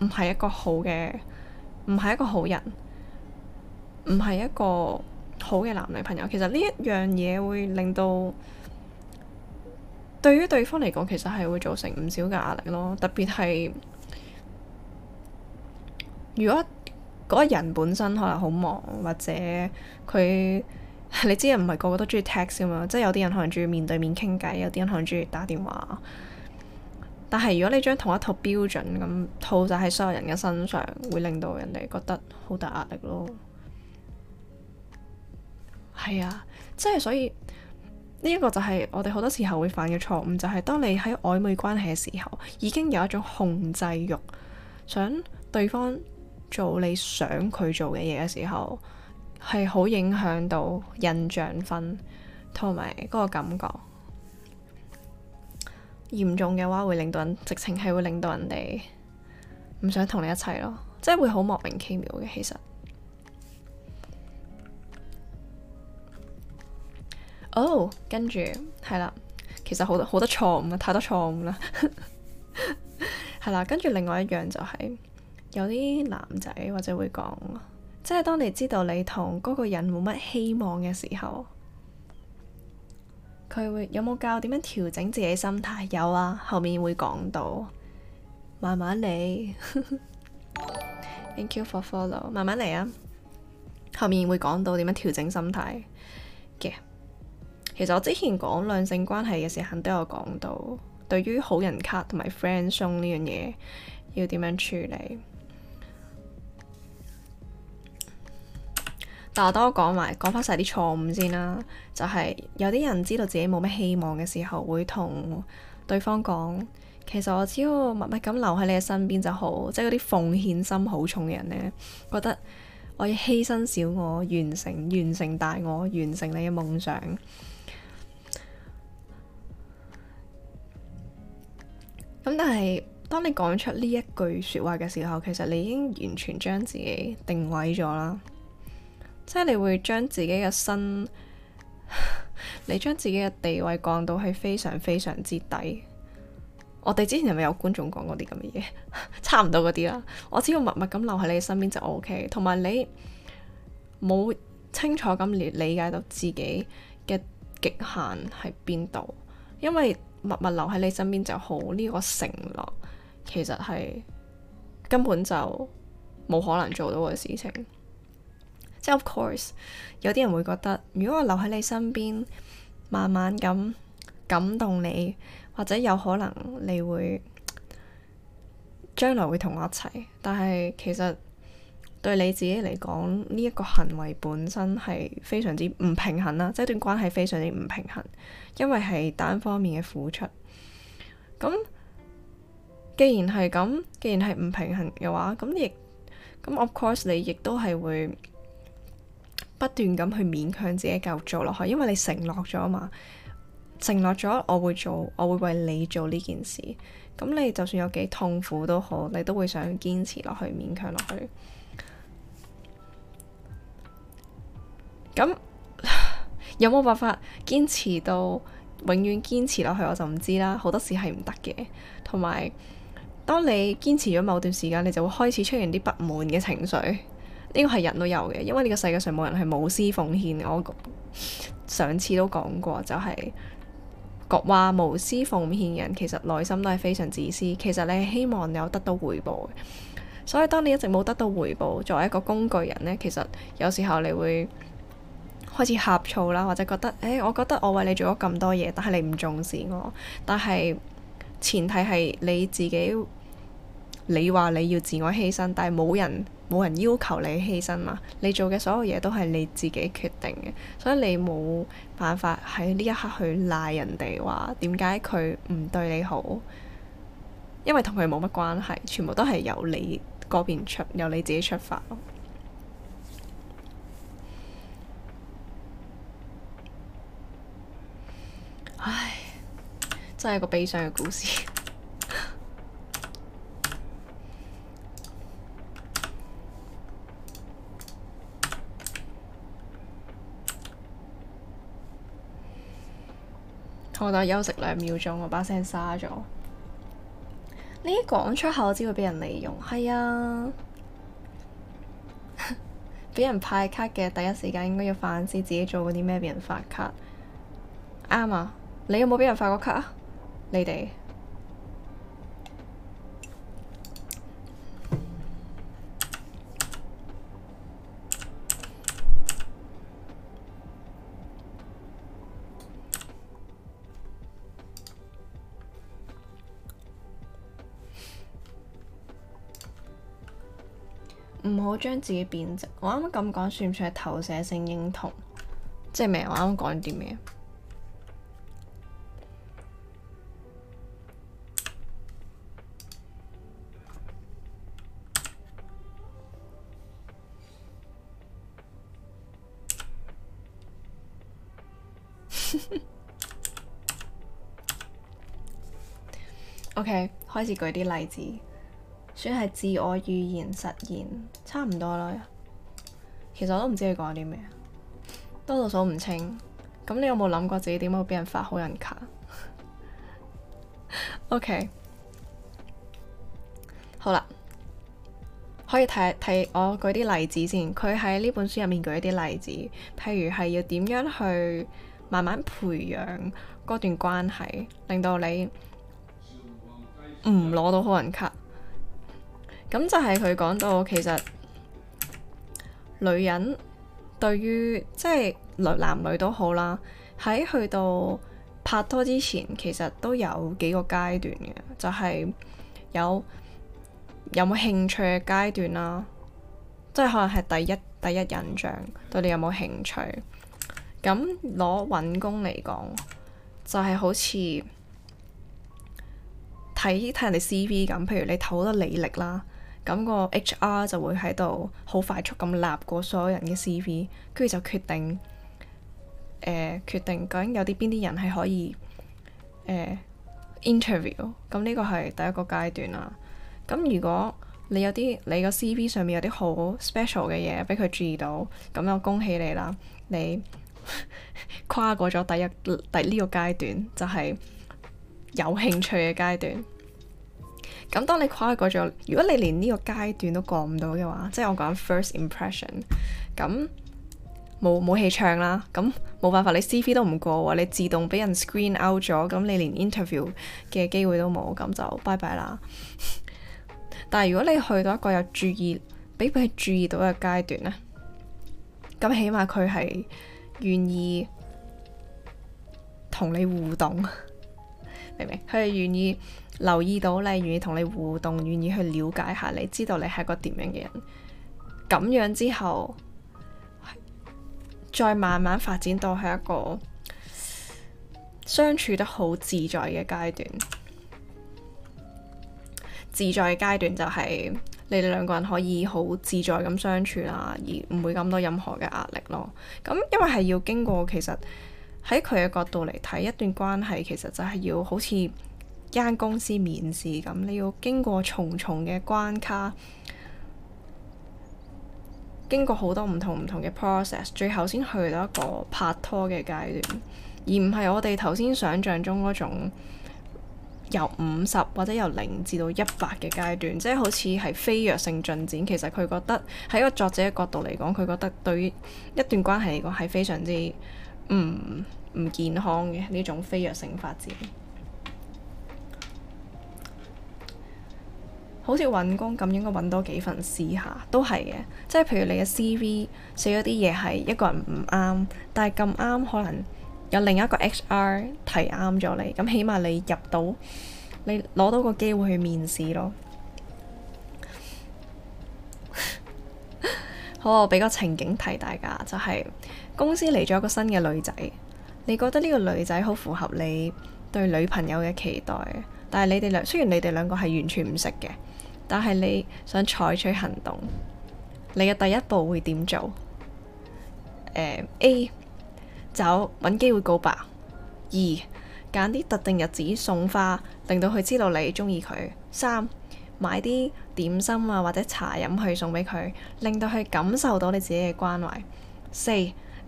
唔係一個好嘅，唔係一個好人，唔係一個好嘅男女朋友。其實呢一樣嘢會令到對於對方嚟講，其實係會造成唔少嘅壓力咯。特別係如果嗰個人本身可能好忙，或者佢。你知人唔係個個都中意 text 噶嘛？即係有啲人可能中意面對面傾偈，有啲人可能中意打電話。但係如果你將同一套標準咁套晒喺所有人嘅身上，會令到人哋覺得好大壓力咯。係啊，即係所以呢一，這個就係我哋好多時候會犯嘅錯誤，就係、是、當你喺曖昧關係嘅時候，已經有一種控制慾，想對方做你想佢做嘅嘢嘅時候。係好影響到印象分同埋嗰個感覺，嚴重嘅話會令到人直情係會令到人哋唔想同你一齊咯，即係會好莫名其妙嘅。其實，哦、oh，跟住，係啦，其實好多好多錯誤啊，太多錯誤啦，係 啦，跟住另外一樣就係、是、有啲男仔或者會講。即係當你知道你同嗰個人冇乜希望嘅時候，佢會有冇教點樣調整自己心態？有啊，後面會講到，慢慢嚟。 Thank you for follow，慢慢嚟啊！後面會講到點樣調整心態嘅。Yeah. 其實我之前講兩性關係嘅時候都有講到，對於好人卡同埋 Friend Zone 呢樣嘢要點樣處理。但係多講埋講翻晒啲錯誤先啦，就係有啲人知道自己冇咩希望嘅時候，會同對方講：其實我只要默默咁留喺你嘅身邊就好。即係嗰啲奉獻心好重嘅人呢，覺得我要犧牲小我，完成完成大我，完成你嘅夢想。咁但係當你講出呢一句説話嘅時候，其實你已經完全將自己定位咗啦。即係你會將自己嘅身， 你將自己嘅地位降到係非常非常之低。我哋之前係咪有觀眾講過啲咁嘅嘢？ 差唔多嗰啲啦。我只要默默咁留喺你身邊就 OK。同埋你冇清楚咁理理解到自己嘅極限喺邊度，因為默默留喺你身邊就好。呢個承諾其實係根本就冇可能做到嘅事情。Of course，有啲人會覺得，如果我留喺你身邊，慢慢咁感動你，或者有可能你會將來會同我一齊。但係其實對你自己嚟講，呢一個行為本身係非常之唔平衡啦，即係段關係非常之唔平衡，因為係單方面嘅付出。咁既然係咁，既然係唔平衡嘅話，咁亦咁，of course 你亦都係會。不斷咁去勉強自己繼續做落去，因為你承諾咗嘛，承諾咗我會做，我會為你做呢件事。咁你就算有幾痛苦都好，你都會想堅持落去，勉強落去。咁有冇辦法堅持到永遠堅持落去，我就唔知啦。好多時係唔得嘅，同埋當你堅持咗某段時間，你就會開始出現啲不滿嘅情緒。呢個係人都有嘅，因為呢個世界上冇人係無私奉獻。我上次都講過，就是，就係講話無私奉獻人，其實內心都係非常自私。其實你係希望有得到回報嘅，所以當你一直冇得到回報，作為一個工具人呢，其實有時候你會開始呷醋啦，或者覺得，誒、哎，我覺得我為你做咗咁多嘢，但係你唔重視我。但係前提係你自己。你話你要自我犧牲，但係冇人冇人要求你犧牲嘛。你做嘅所有嘢都係你自己決定嘅，所以你冇辦法喺呢一刻去賴人哋話點解佢唔對你好，因為同佢冇乜關係，全部都係由你嗰邊出，由你自己出發咯。唉，真係一個悲傷嘅故事。我等休息兩秒鐘，我把聲沙咗。你一講出口，我只會俾人利用。係啊，畀 人派卡嘅第一時間應該要反思自己做過啲咩畀人發卡。啱 啊，你有冇畀人發過卡啊？你哋。唔好將自己貶值。我啱啱咁講，算唔算係投射性認同？即係咩？我啱啱講啲咩？OK，開始舉啲例子。算係自我預言實現，差唔多啦。其實我都唔知你講啲咩，多到數唔清。咁你有冇諗過自己點樣會俾人發好人卡 ？OK，好啦，可以睇睇我舉啲例子先。佢喺呢本書入面舉一啲例子，譬如係要點樣去慢慢培養嗰段關係，令到你唔攞到好人卡。咁就係佢講到，其實女人對於即係男女都好啦，喺去到拍拖之前，其實都有幾個階段嘅，就係有有冇興趣嘅階段啦，即係可能係第一第一印象，對你有冇興趣。咁攞搵工嚟講，就係好似睇睇人哋 C V 咁，譬如你投多履歷啦。咁個 HR 就會喺度好快速咁立過所有人嘅 CV，跟住就決定，誒、呃、決定究竟有啲邊啲人係可以誒 interview。咁、呃、呢個係第一個階段啦。咁如果你有啲你個 CV 上面有啲好 special 嘅嘢俾佢注意到，咁就恭喜你啦，你 跨過咗第一第呢個階段，就係、是、有興趣嘅階段。咁，當你跨過咗，如果你連呢個階段都過唔到嘅話，即係我講 first impression，咁冇冇戲唱啦，咁冇辦法，你 CV 都唔過，你自動俾人 screen out 咗，咁你連 interview 嘅機會都冇，咁就拜拜啦。 但係如果你去到一個有注意，俾佢注意到嘅階段咧，咁起碼佢係願意同你互動。明唔明？佢哋願意留意到你，願意同你互動，願意去了解下你，知道你係個點樣嘅人。咁樣之後，再慢慢發展到係一個相處得好自在嘅階段。自在階段就係、是、你哋兩個人可以好自在咁相處啦，而唔會咁多任何嘅壓力咯。咁因為係要經過其實。喺佢嘅角度嚟睇，一段關係其實就係要好似間公司面試咁，你要經過重重嘅關卡，經過好多唔同唔同嘅 process，最後先去到一個拍拖嘅階段，而唔係我哋頭先想象中嗰種由五十或者由零至到一百嘅階段，即係好似係飛躍性進展。其實，佢覺得喺個作者嘅角度嚟講，佢覺得對於一段關係嚟講，係非常之。唔唔、嗯、健康嘅呢種非藥性飛躍性發展，好似揾工咁，應該揾多幾份試下，都係嘅。即係譬如你嘅 CV 寫咗啲嘢係一個人唔啱，但係咁啱可能有另一個 HR 提啱咗你，咁起碼你入到，你攞到個機會去面試咯。 好，我俾個情景提大家，就係、是。公司嚟咗個新嘅女仔，你覺得呢個女仔好符合你對女朋友嘅期待，但係你哋兩雖然你哋兩個係完全唔識嘅，但係你想採取行動，你嘅第一步會點做？誒、uh, A，走，揾機會告白；二，揀啲特定日子送花，令到佢知道你中意佢；三，買啲點心啊或者茶飲去送俾佢，令到佢感受到你自己嘅關懷；四。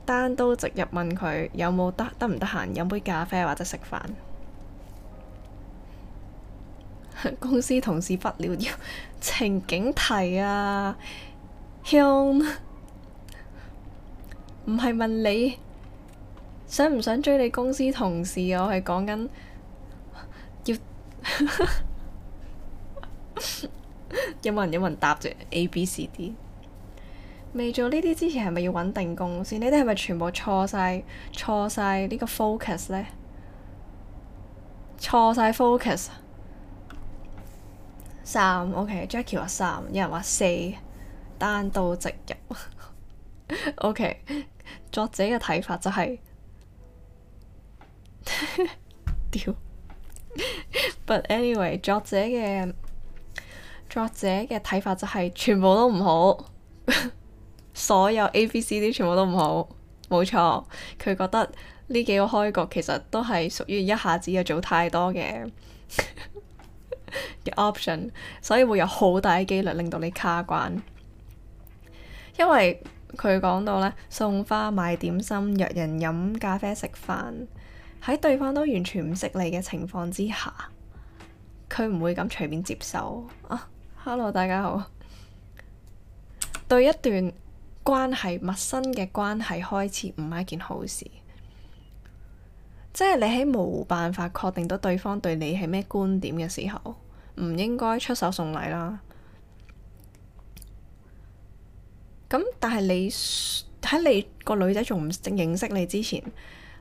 單刀直入問佢有冇得得唔得閒飲杯咖啡或者食飯？ 公司同事不了了，情景題啊，向唔係問你想唔想追你公司同事，我係講緊要有冇人有冇人答住 A、B、C、D。未做呢啲之前係咪要揾定工先？呢啲係咪全部錯晒？錯晒呢個 focus 咧？錯晒 focus。三，OK，Jackie、okay，話三，有人話四，單刀直入。 OK，作者嘅睇法就係、是，屌。 But anyway，作者嘅作者嘅睇法就係、是、全部都唔好。 所有 A、B、C、D 全部都唔好，冇錯。佢覺得呢幾個開局其實都係屬於一下子又做太多嘅 option，所以會有好大嘅機率令到你卡關。因為佢講到呢：「送花、買點心、約人飲咖啡、食飯，喺對方都完全唔識你嘅情況之下，佢唔會咁隨便接受。啊，hello，大家好， 對一段關係陌生嘅關係開始唔係一件好事，即係你喺冇辦法確定到對方對你係咩觀點嘅時候，唔應該出手送禮啦。咁但係你喺你個女仔仲唔認識你之前，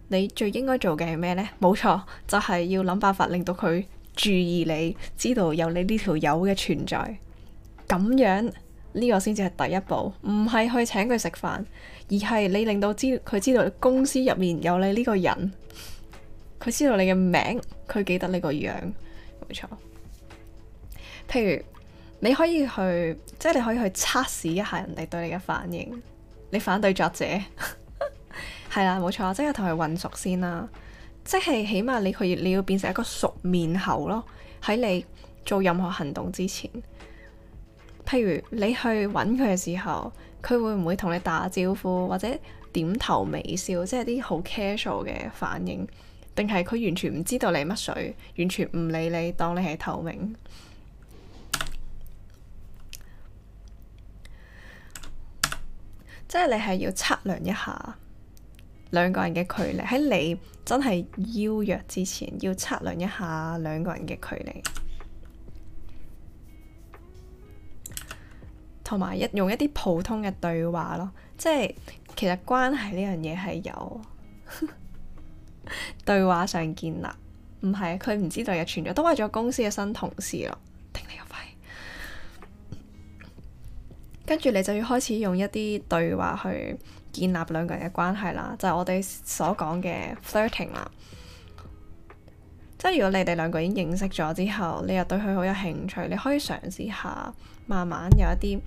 你最應該做嘅係咩呢？冇錯，就係要諗辦法令到佢注意你，知道有你呢條友嘅存在，咁樣。呢個先至係第一步，唔係去請佢食飯，而係你令到知佢知道公司入面有你呢個人，佢知道你嘅名，佢記得你個樣，冇錯。譬如你可以去，即係你可以去測試一下人哋對你嘅反應。你反對作者，係 啦，冇錯，即係同佢混熟先啦，即係起碼你佢你，你要變成一個熟面口咯。喺你做任何行動之前。譬如你去揾佢嘅時候，佢會唔會同你打招呼或者點頭微笑，即係啲好 casual 嘅反應，定係佢完全唔知道你乜水，完全唔理你，當你係透明？ 即係你係要測量一下兩個人嘅距離，喺你真係邀約之前，要測量一下兩個人嘅距離。同埋一用一啲普通嘅對話咯，即係其實關係呢樣嘢係有 對話上建立，唔係佢唔知道有存在，都為咗公司嘅新同事咯，頂你個肺！跟住你就要開始用一啲對話去建立兩個人嘅關係啦，就係、是、我哋所講嘅 flirting 啦。即係如果你哋兩個已經認識咗之後，你又對佢好有興趣，你可以嘗試下。慢慢有一啲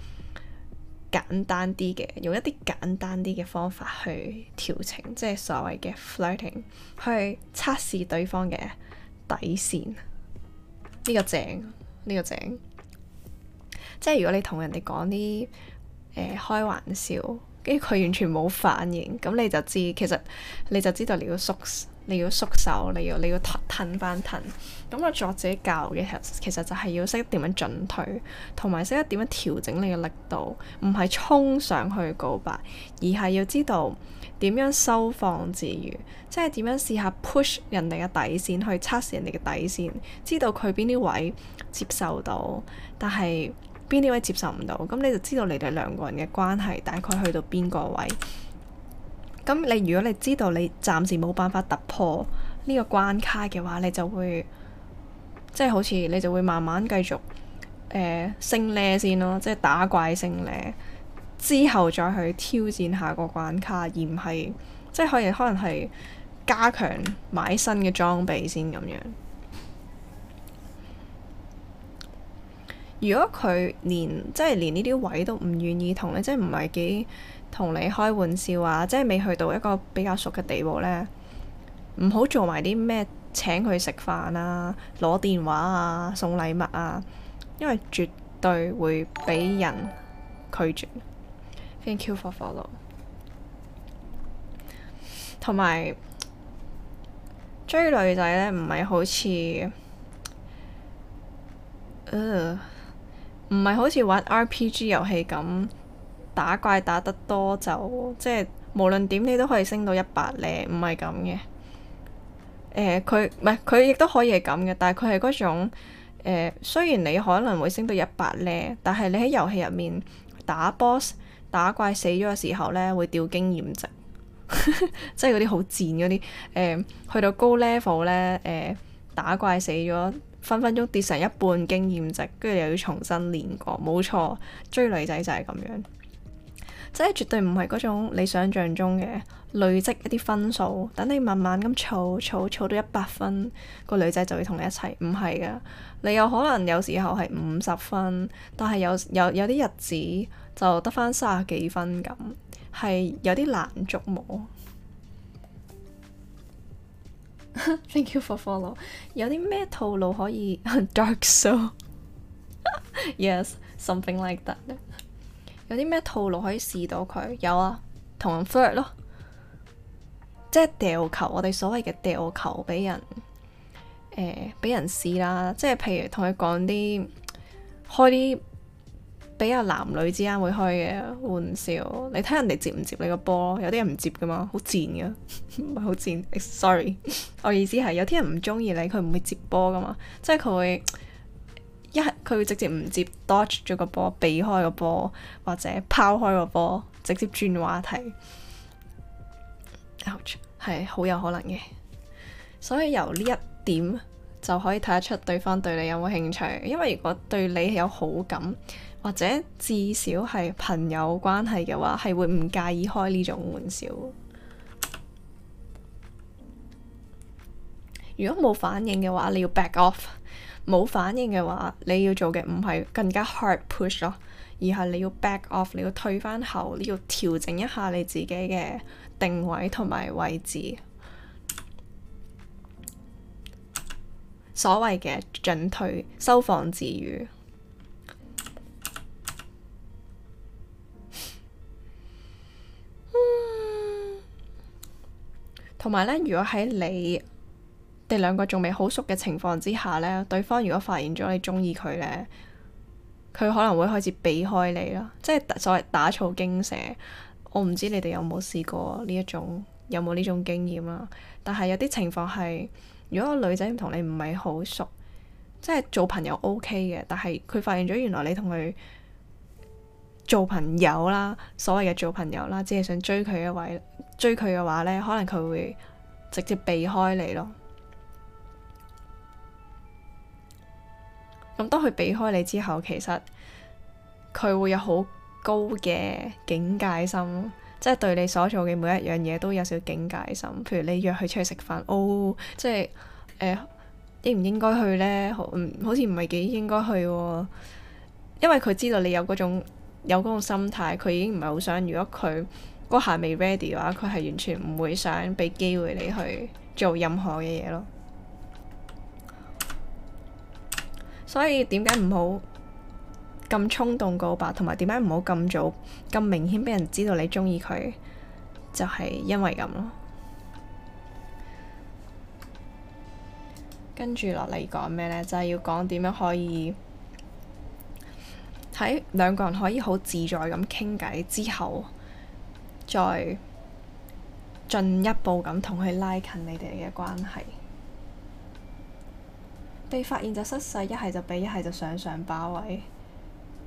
簡單啲嘅，用一啲簡單啲嘅方法去調情，即係所謂嘅 flirting，去測試對方嘅底線。呢個正，呢個正。即係如果你同人哋講啲誒開玩笑，跟住佢完全冇反應，咁你就知，其實你就知道你要縮。你要縮手，你要你要褪翻褪。咁啊，作者教嘅其實就係要識得點樣進退，同埋識得點樣調整你嘅力度，唔係衝上去告白，而係要知道點樣收放自如，即係點樣試下 push 人哋嘅底線，去測試人哋嘅底線，知道佢邊啲位接受到，但係邊啲位接受唔到，咁你就知道你哋兩個人嘅關係大概去到邊個位。咁你如果你知道你暫時冇辦法突破呢個關卡嘅話，你就會即係、就是、好似你就會慢慢繼續誒、呃、升 level 先咯，即係打怪升 level 之後再去挑戰下個關卡，而唔係即係可以可能係加強買新嘅裝備先咁樣。如果佢連即係連呢啲位都唔願意同你，即係唔係幾？同你開玩笑啊，即係未去到一個比較熟嘅地步呢。唔好做埋啲咩請佢食飯啊、攞電話啊、送禮物啊，因為絕對會俾人拒絕。Thank you for follow。同埋追女仔呢，唔係好似，呃，唔係好似玩 RPG 遊戲咁。打怪打得多就即係無論點你都可以升到一百咧，唔係咁嘅。誒、呃，佢唔係佢亦都可以係咁嘅，但係佢係嗰種誒、呃，雖然你可能會升到一百咧，但係你喺遊戲入面打 boss，打怪死咗嘅時候呢，會掉經驗值，即係嗰啲好賤嗰啲。誒、呃，去到高 level 呢，誒、呃、打怪死咗分分鐘跌成一半經驗值，跟住又要重新練過。冇錯，追女仔就係咁樣。即係絕對唔係嗰種你想象中嘅累積一啲分數，等你慢慢咁儲儲儲到一百分，個女仔就會同你一齊。唔係噶，你有可能有時候係五十分，但係有有有啲日子就得翻三十幾分咁，係有啲難捉摸。 Thank you for follow。 有啲咩套路可以 dark so？Yes, something like that. 有啲咩套路可以試到佢？有啊，同人 flirt 咯，即係掉球。我哋所謂嘅掉球俾人，誒、呃，俾人試啦。即係譬如同佢講啲開啲比較男女之間會開嘅玩笑。你睇人哋接唔接你個波咯？有啲人唔接噶嘛，好賤噶，唔係好賤。Sorry， 我意思係有啲人唔中意你，佢唔會接波噶嘛，即係佢會一係佢會直接唔接，dodge 咗個波，避開個波，或者拋開個波，直接轉話題。Ouch，係好有可能嘅。所以由呢一點就可以睇得出對方對你有冇興趣。因為如果對你係有好感，或者至少係朋友關係嘅話，係會唔介意開呢種玩笑。如果冇反應嘅話，你要 back off。冇反應嘅話，你要做嘅唔係更加 hard push 咯，而係你要 back off，你要退翻後，你要調整一下你自己嘅定位同埋位置。所謂嘅進退收放自如。嗯，同埋呢，如果喺你，你哋兩個仲未好熟嘅情況之下呢，對方如果發現咗你中意佢呢，佢可能會開始避開你咯。即係所謂打草驚蛇。我唔知你哋有冇試過呢一種，有冇呢種經驗啦？但係有啲情況係，如果個女仔唔同你唔係好熟，即係做朋友 OK 嘅，但係佢發現咗原來你同佢做朋友啦，所謂嘅做朋友啦，只係想追佢嘅話，追佢嘅話呢，可能佢會直接避開你咯。咁、嗯、當佢避開你之後，其實佢會有好高嘅警戒心，即係對你所做嘅每一樣嘢都有少少警戒心。譬如你約佢出去食飯，哦，即係誒、呃、應唔應該去呢？嗯，好似唔係幾應該去喎、哦。因為佢知道你有嗰種有嗰種心態，佢已經唔係好想。如果佢嗰下未 ready 嘅話，佢係完全唔會想俾機會你去做任何嘅嘢咯。所以點解唔好咁衝動告白，同埋點解唔好咁早、咁明顯俾人知道你中意佢，就係因為咁咯。跟住落嚟講咩咧？就係要講點樣可以喺兩個人可以好自在咁傾偈之後，再進一步咁同佢拉近你哋嘅關係。被發現就失勢，一係就俾，一係就上上霸位，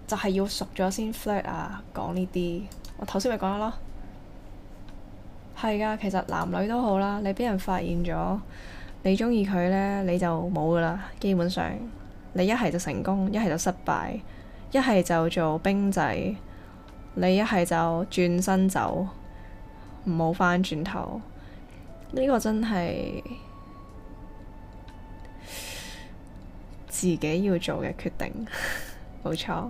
就係要熟咗先 flat 啊！講呢啲，我頭先咪講咗咯，係㗎。其實男女都好啦，你俾人發現咗，你中意佢呢，你就冇㗎喇。基本上，你一係就成功，一係就失敗，一係就做兵仔，你一係就轉身走，唔好返轉頭。呢個真係～自己要做嘅決定，冇 錯。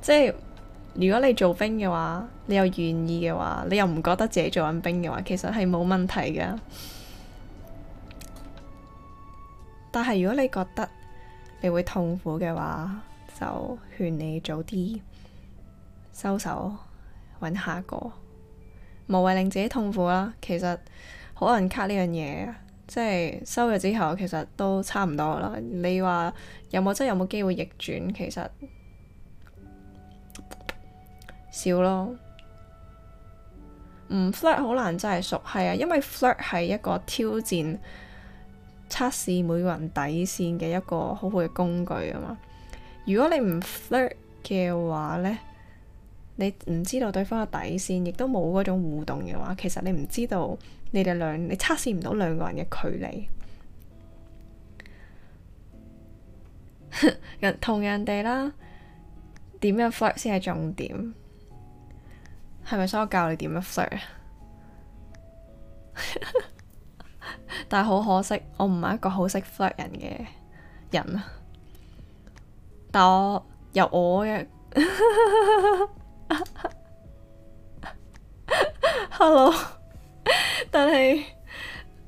即係如果你做兵嘅話，你又願意嘅話，你又唔覺得自己做緊兵嘅話，其實係冇問題嘅。但係如果你覺得你會痛苦嘅話，就勸你早啲收手，揾下個，無謂令自己痛苦啦。其實可能卡好人卡呢樣嘢。即係收咗之後，其實都差唔多啦。你話有冇真係有冇機會逆轉？其實少咯。唔 flirt 好難真係熟，係啊，因為 flirt 係一個挑戰、測試每個人底線嘅一個好好嘅工具啊嘛。如果你唔 flirt 嘅話呢，你唔知道對方嘅底線，亦都冇嗰種互動嘅話，其實你唔知道。你哋兩，你測試唔到兩個人嘅距離， 人同人哋啦，點樣 flirt 先係重點？係咪所以我教你點樣 flirt？ 但係好可惜，我唔係一個好識 flirt 人嘅人啊！但我由我嘅 ，hello。 但係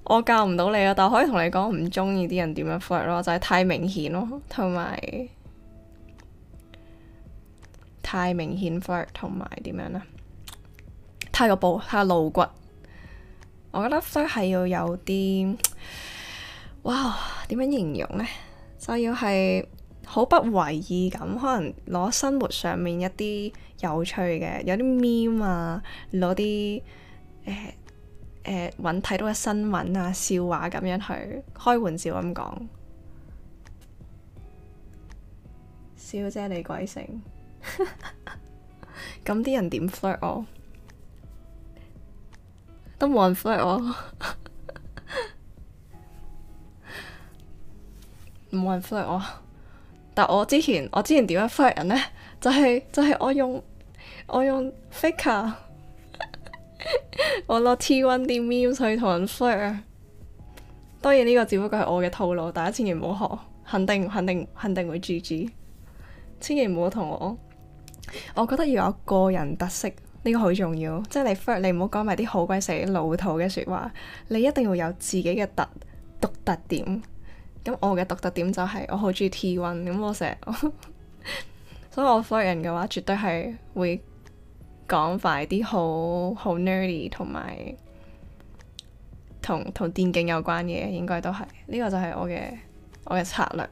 我教唔到你啊，但我可以同你講唔中意啲人點樣 flirt 咯，就係太明顯咯，同埋太明顯 flirt，同埋點樣呢？太過暴，太露骨。我覺得 flirt 係要有啲，哇，點樣形容呢？就要係好不為意咁，可能攞生活上面一啲有趣嘅，有啲 Meme 啊，攞啲誒，搵睇、呃、到嘅新聞啊，笑話咁樣去開玩笑咁講，小姐你貴姓？咁啲人點 flirt 我，都冇人 flirt 我，冇 人 flirt 我，但我之前我之前點樣 flirt 人呢？就係、是、就係、是、我用我用 faker。 我攞 T1 啲 mem 去同人 flirt，啊、當然呢、這個只不過係我嘅套路，大家千祈唔好學，肯定肯定肯定會 GG，千祈唔好同我。我覺得要有個人特色，呢、這個好重要，即係你 flirt 你唔好講埋啲好鬼死老土嘅說話，你一定要有自己嘅特獨特點。咁我嘅獨特點就係、是，我好中意 T1，咁我成日， 所以我 flirt 人嘅話絕對係會。講快啲，好好 nerdy 同埋同同電競有關嘅，應該都係呢、這個就係我嘅我嘅策略。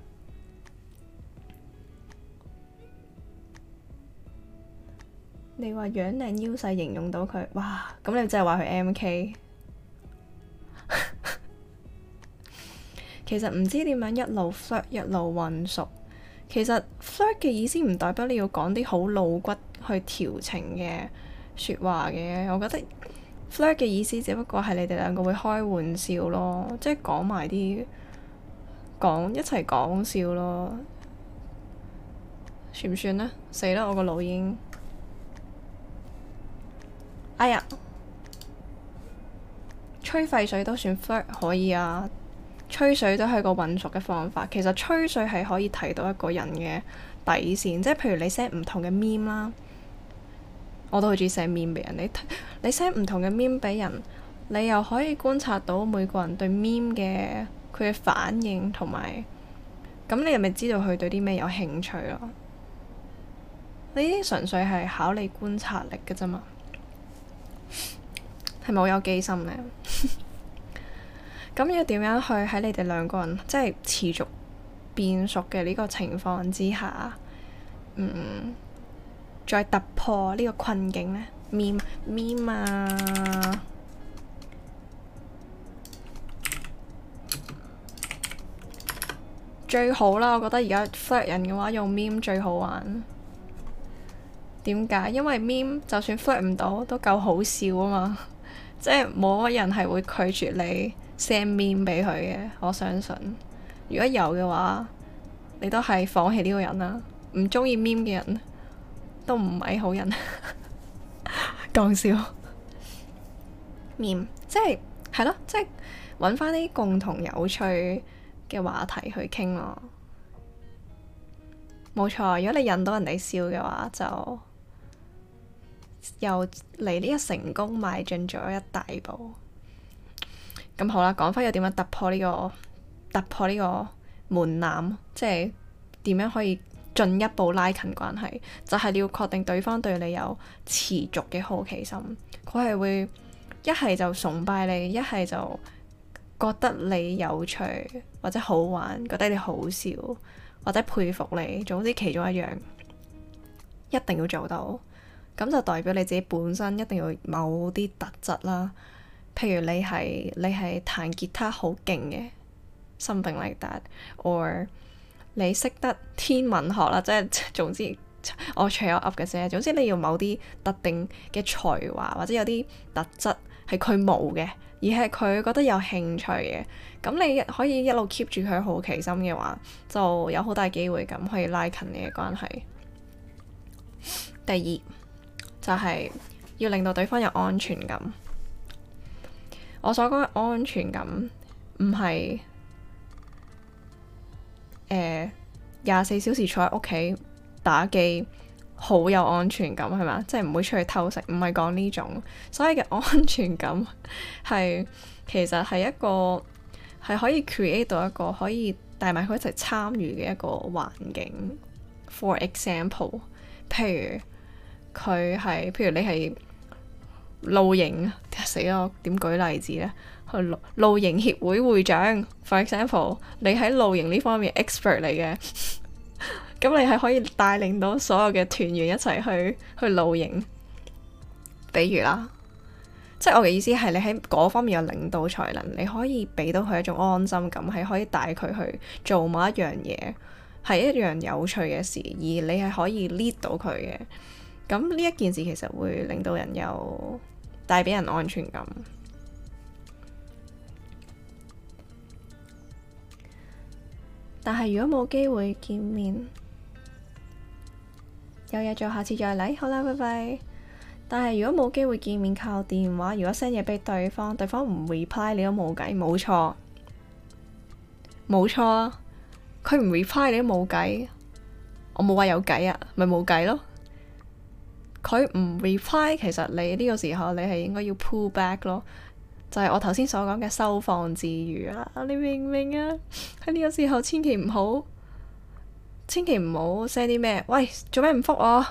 你話樣靚腰細形容到佢，哇！咁你真係話佢 MK？ 其實唔知點樣一路 flirt 一路混熟。其實 flirt 嘅意思唔代表你要講啲好露骨。去調情嘅説話嘅，我覺得 flirt 嘅意思只不過係你哋兩個會開玩笑咯，即係講埋啲講一齊講笑咯，算唔算呢？死啦！我個腦已經哎呀，吹廢水都算 flirt 可以啊，吹水都係個穩熟嘅方法。其實吹水係可以睇到一個人嘅底線，即係譬如你 set 唔同嘅 meme 啦。我都好中意寫 meme 啊！你你寫唔同嘅 meme 俾人，你又可以觀察到每個人對 meme 嘅佢嘅反應同埋，咁你係咪知道佢對啲咩有興趣咯？呢啲純粹係考你觀察力嘅啫嘛，係咪好有機心呢？咁 要點樣去喺你哋兩個人即係持續變熟嘅呢個情況之下，嗯。再突破呢個困境呢 meme meme 啊，最好啦！我覺得而家 flirt 人嘅話用 meme 最好玩。點解？因為 meme 就算 flirt 唔到都夠好笑啊嘛！ 即係冇人係會拒絕你 send meme 俾佢嘅，我相信。如果有嘅話，你都係放棄呢個人啦。唔中意 meme 嘅人。都唔係好人，講， 笑。面 eme 即係係咯，即係揾翻啲共同有趣嘅話題去傾咯。冇錯，如果你引到人哋笑嘅話，就又嚟呢一成功，邁進咗一大步。咁好啦，講翻又點樣突破呢個突破呢個門檻？即係點樣可以？進一步拉近關係，就係你要確定對方對你有持續嘅好奇心。佢係會一係就崇拜你，一係就覺得你有趣或者好玩，覺得你好笑或者佩服你。總之其中一樣一定要做到，咁就代表你自己本身一定要某啲特質啦。譬如你係你係彈吉他好勁嘅，something like that or 你識得天文學啦，即係總之，我除咗噏嘅啫。總之，你要某啲特定嘅才華，或者有啲特質係佢冇嘅，而係佢覺得有興趣嘅。咁你可以一路 keep 住佢好奇心嘅話，就有好大機會咁可以拉近你嘅關係。第二就係要令到對方有安全感。我所講嘅安全感唔係，誒，廿四小時坐喺屋企打機，好有安全感係嘛？即係唔會出去偷食，唔係講呢種。所以嘅安全感係其實係一個係可以 create 到一個可以帶埋佢一齊參與嘅一個環境。For example，譬如佢係譬如你係露營，死咯，點舉例子咧？露露營協會會長，for example，你喺露營呢方面 expert 嚟嘅，咁 你係可以帶領到所有嘅團員一齊去去露營。比如啦，即係我嘅意思係你喺嗰方面有領導才能，你可以俾到佢一種安心感，係可以帶佢去做某一樣嘢，係一樣有趣嘅事，而你係可以 lead 到佢嘅。咁呢一件事其實會令到人有帶俾人安全感。但係如果冇機會見面，有嘢做下次再嚟，好啦，拜拜。但係如果冇機會見面，靠電話，如果 send 嘢俾對方，對方唔 reply 你都冇計，冇錯，冇錯啊，佢唔 reply 你都冇計，我冇話有計啊，咪冇計咯。佢唔 reply，其實你呢個時候你係應該要 pull back 咯。就係我頭先所講嘅收放自如啦、啊。你明唔明啊？喺呢個時候千，千祈唔好，千祈唔好 send 啲咩。喂，做咩唔復我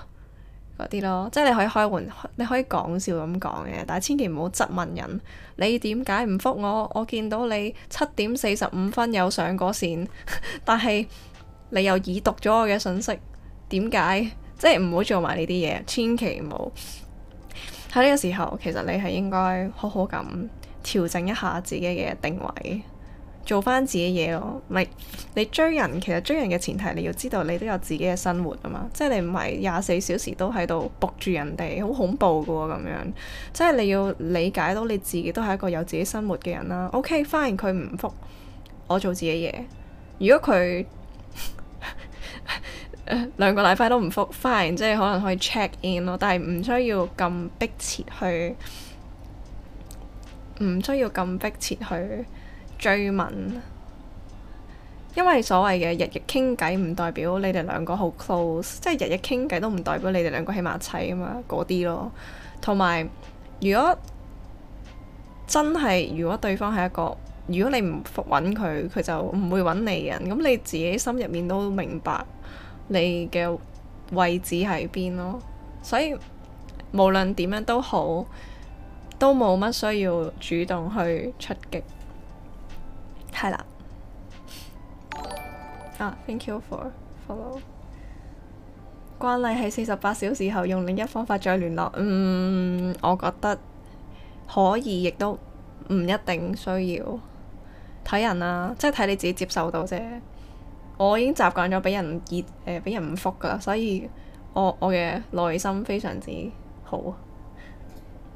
嗰啲咯？即係你，你可以開玩笑，你可以講笑咁講嘅，但係千祈唔好質問人。你點解唔復我？我見到你七點四十五分有上過線，但係你又已讀咗我嘅信息，點解？即係唔好做埋呢啲嘢，千祈唔好。喺呢個時候，其實你係應該好好咁。調整一下自己嘅定位，做翻自己嘢咯。唔係你追人，其實追人嘅前提你要知道你都有自己嘅生活啊嘛。即係你唔係廿四小時都喺度撲住人哋，好恐怖㗎喎咁樣。即係你要理解到你自己都係一個有自己生活嘅人啦。OK 反而佢唔覆我做自己嘢。如果佢 兩個禮拜都唔覆，反而即係可能可以 check in 咯，但係唔需要咁迫切去。唔需要咁迫切去追問，因為所謂嘅日日傾偈唔代表你哋兩個好 close，即係日日傾偈都唔代表你哋兩個喺埋一齊啊嘛，嗰啲咯。同埋，如果真係如果對方係一個，如果你唔揾佢，佢就唔會揾你嘅人，咁你自己心入面都明白你嘅位置喺邊咯。所以無論點樣都好。都冇乜需要主動去出擊，係啦了。啊，thank you for follow。慣例係四十八小時後用另一方法再聯絡。嗯，我覺得可以，亦都唔一定需要睇人啦、啊，即係睇你自己接受到啫。我已經習慣咗俾人唔熱誒，俾、呃、人唔復覆噶啦，所以我我嘅內心非常之好。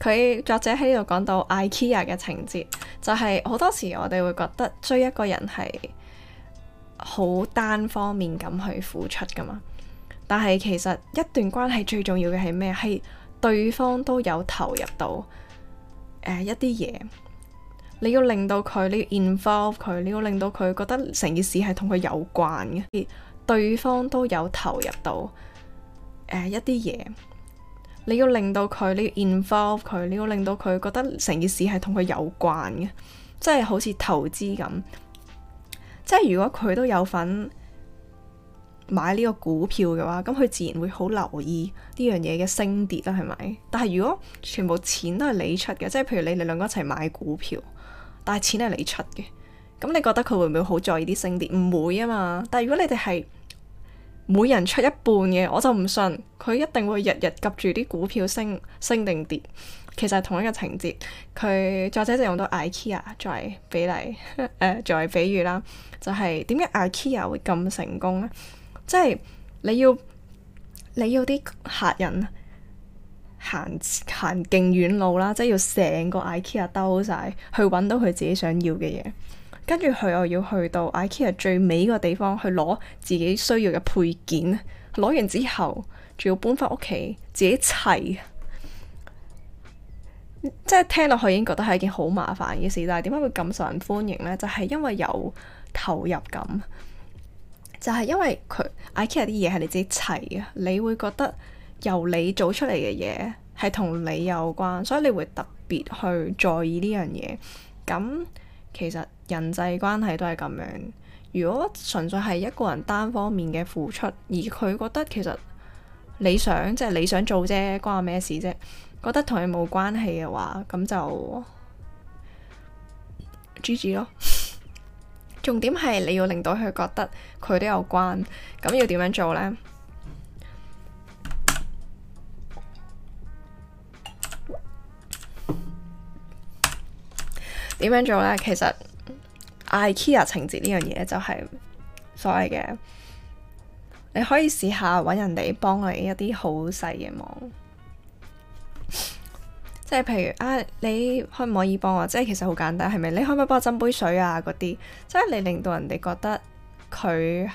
佢作者喺度講到 IKEA 嘅情節，就係、係、好多時我哋會覺得追一個人係好單方面咁去付出噶嘛，但係其實一段關係最重要嘅係咩？係對方都有投入到誒、呃、一啲嘢，你要令到佢你要 involve 佢，你要令到佢覺得成件事係同佢有關嘅，對方都有投入到誒、呃、一啲嘢。你要令到佢，你要 involve 佢，你要令到佢覺得成件事係同佢有關嘅，即係好似投資咁。即係如果佢都有份買呢個股票嘅話，咁佢自然會好留意呢樣嘢嘅升跌啦，係咪？但係如果全部錢都係你出嘅，即係譬如你哋兩個一齊買股票，但係錢係你出嘅，咁你覺得佢會唔會好在意啲升跌？唔會啊嘛。但係如果你哋係，每人出一半嘅，我就唔信佢一定會日日及住啲股票升升定跌，其實係同一個情節。佢作者就用到 IKEA 作為比例，誒、 呃，作為比喻啦，就係、是、點解 IKEA 會咁成功咧？即係你要你要啲客人行行勁遠路啦，即係要成個 IKEA 兜晒，去揾到佢自己想要嘅嘢。跟住佢又要去到 IKEA 最尾個地方去攞自己需要嘅配件，攞完之後仲要搬翻屋企自己砌，即係聽落去已經覺得係一件好麻煩嘅事。但係點解會咁受人歡迎呢？就係因為有投入感，就係因為佢 IKEA 啲嘢係你自己砌嘅，你會覺得由你做出嚟嘅嘢係同你有關，所以你會特別去在意呢樣嘢。咁其實人際關係都係咁樣，如果純粹係一個人單方面嘅付出，而佢覺得其實你想即係、就是、你想做啫，關我咩事啫？覺得同你冇關係嘅話，咁就 GG 咯。重點係你要令到佢覺得佢都有關，咁要點樣做呢？點樣做呢？其實 IKEA 情節呢樣嘢就係所謂嘅，你可以試下揾人哋幫你一啲好細嘅忙，即係譬如啊，你可唔可以幫我？即係其實好簡單，係咪？你可唔可以幫我斟杯水啊？嗰啲即係你令到人哋覺得佢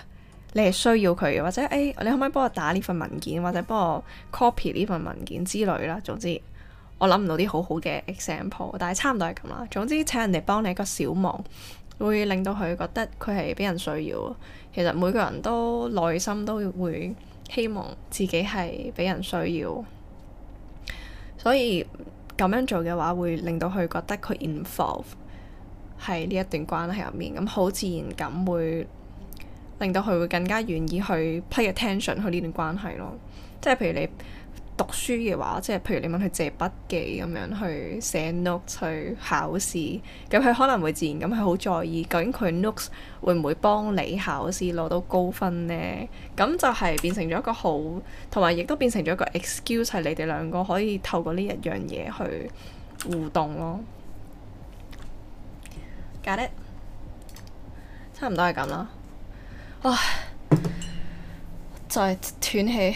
你係需要佢嘅，或者誒、哎，你可唔可以幫我打呢份文件，或者幫我 copy 呢份文件之類啦。總之。我諗唔到啲好好嘅 example，但係差唔多係咁啦。總之請人哋幫你一個小忙，會令到佢覺得佢係俾人需要。其實每個人都內心都會希望自己係俾人需要，所以咁樣做嘅話，會令到佢覺得佢 involve 喺呢一段關係入面，咁好自然咁會令到佢會更加願意去 pay attention 去呢段關係咯。即係譬如你。讀書嘅話，即係譬如你問佢借筆記咁樣去寫 notes 去考試，咁佢可能會自然咁係好在意，究竟佢 notes 會唔會幫你考試攞到高分呢？咁就係變成咗一個好，同埋亦都變成咗一個 excuse 係你哋兩個可以透過呢一樣嘢去互動咯。Got it？差唔多係咁啦。唉，就係斷氣。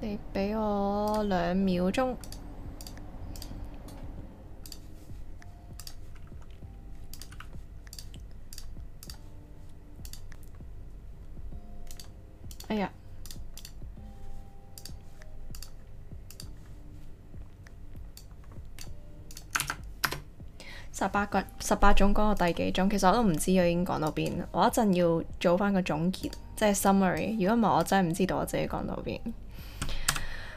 你畀我兩秒鐘。哎呀，十八個十八種歌，我第幾種？其實我都唔知佢已經講到邊。我一陣要做返個總結，即係 summary。如果唔係，我真係唔知道我自己講到邊。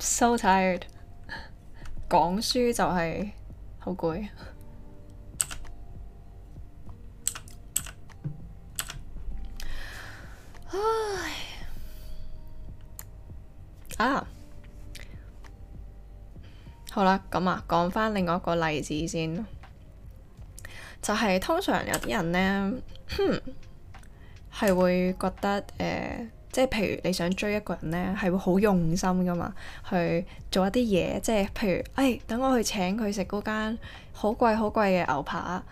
So tired， 講書就係好攰。唉，啊，好啦，咁啊，講翻另外一個例子先，就係、是、通常有啲人呢，哼，係 會覺得誒。呃即係譬如你想追一個人呢，係會好用心噶嘛，去做一啲嘢。即係譬如，哎，等我去請佢食嗰間好貴好貴嘅牛扒，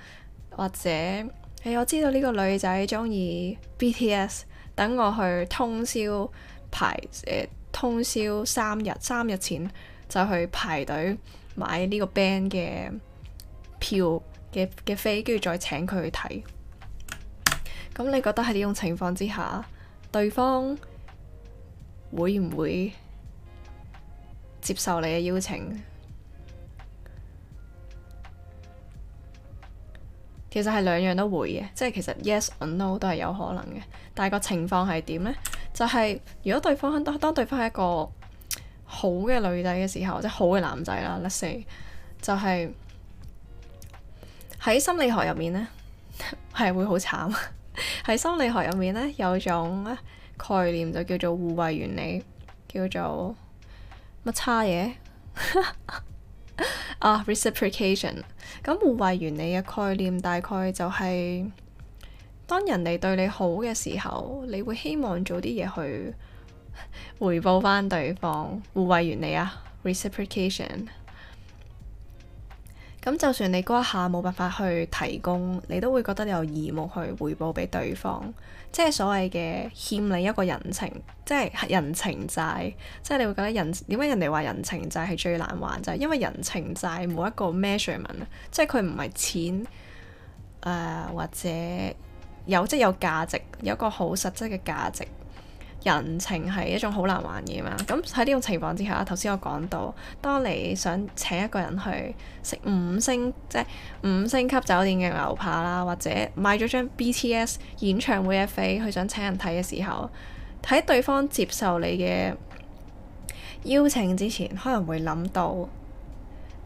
或者，哎，我知道呢個女仔中意 BTS，等我去通宵排，誒、呃，通宵三日，三日前就去排隊買呢個 band 嘅票嘅嘅飛，跟住再請佢去睇。咁你覺得喺呢種情況之下，對方會唔會接受你嘅邀請？其實係兩樣都會嘅，即係其實 yes or no 都係有可能嘅。但係個情況係點呢？就係、是、如果對方當當對方係一個好嘅女仔嘅時候，即係好嘅男仔啦，let’s say 就係喺心理學入面呢，係 會好慘。喺 心理學入面咧，有種概念就叫做互惠原理，叫做乜叉嘢啊？Reciprocation。咁互惠原理嘅概念大概就係、是、當人哋對你好嘅時候，你會希望做啲嘢去回報翻對方。互惠原理啊，Reciprocation。Re 咁就算你嗰一下冇辦法去提供，你都會覺得你有義務去回報俾對方，即係所謂嘅欠你一個人情，即係人情債，即係你會覺得人點解人哋話人情債係最難還就係因為人情債冇一個 measurement，即係佢唔係錢，誒或者有即係有價值，有一個好實質嘅價值。人情係一種好難還嘅嘛，咁喺呢種情況之下，頭先我講到，當你想請一個人去食五星即係五星級酒店嘅牛扒啦，或者買咗張 BTS 演唱會嘅飛去想請人睇嘅時候，喺對方接受你嘅邀請之前，可能會諗到，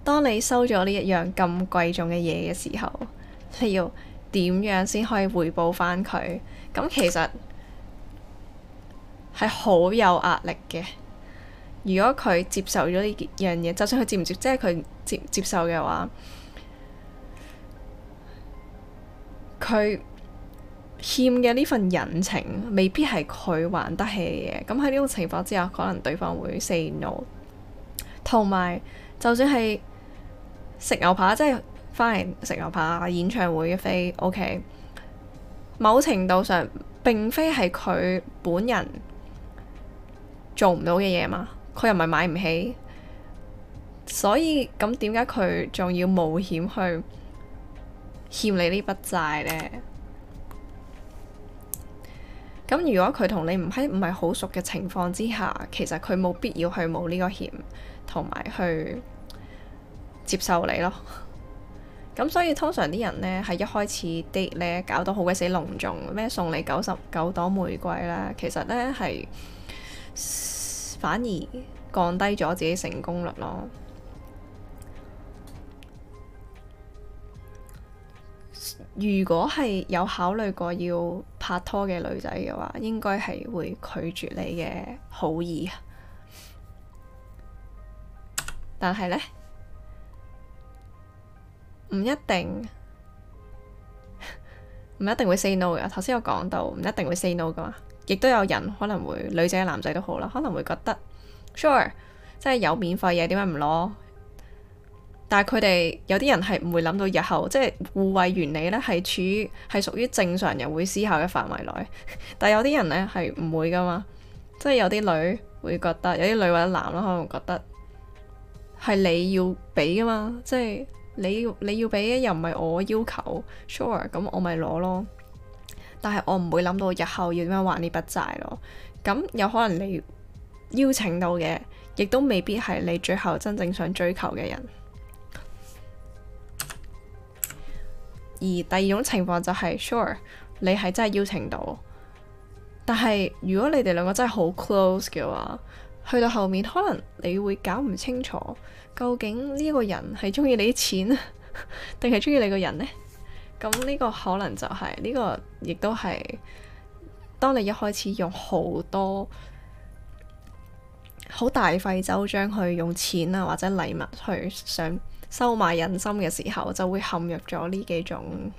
當你收咗呢一樣咁貴重嘅嘢嘅時候，你要點樣先可以回報翻佢？咁其實係好有壓力嘅。如果佢接受咗呢樣嘢，就算佢接唔接，即係佢接唔接受嘅話，佢欠嘅呢份人情未必係佢還得起嘅。咁喺呢種情況之下，可能對方會 say no。同埋，就算係食牛扒，即係翻嚟食牛扒、演唱會嘅飛，OK。某程度上並非係佢本人。做唔到嘅嘢嘛？佢又唔係買唔起，所以咁點解佢仲要冒險去欠你呢筆債呢？咁如果佢同你唔喺唔係好熟嘅情況之下，其實佢冇必要去冒呢個險，同埋去接受你咯。咁所以通常啲人呢，係一開始啲呢，搞到好鬼死隆重，咩送你九十九朵玫瑰啦，其實呢，係。反而降低咗自己成功率咯。如果係有考慮過要拍拖嘅女仔嘅話，應該係會拒絕你嘅好意。但係呢，唔一定，唔一定會 say no 嘅。頭先有講到，唔一定會 say no 㗎嘛。亦都有人可能會女仔男仔都好啦，可能會覺得 sure 即係有免費嘢點解唔攞？但係佢哋有啲人係唔會諗到日後，即係互惠原理呢係處於係屬於正常人會思考嘅範圍內。但係有啲人呢係唔會㗎嘛，即係有啲女會覺得有啲女或者男啦，可能覺得係你要俾㗎嘛，即係你，你要你要俾又唔係我要求 sure 咁我咪攞咯。但係我唔會諗到日後要點樣還呢筆債咯。咁有可能你邀請到嘅，亦都未必係你最後真正想追求嘅人。而第二種情況就係，sure 你係真係邀請到，但係如果你哋兩個真係好 close 嘅話，去到後面可能你會搞唔清楚，究竟呢個人係中意你啲錢，定係中意你個人呢？咁呢個可能就係呢個，亦都係當你一開始用好多好大費周章去用錢啊或者禮物去想收買人心嘅時候，就會陷入咗呢幾種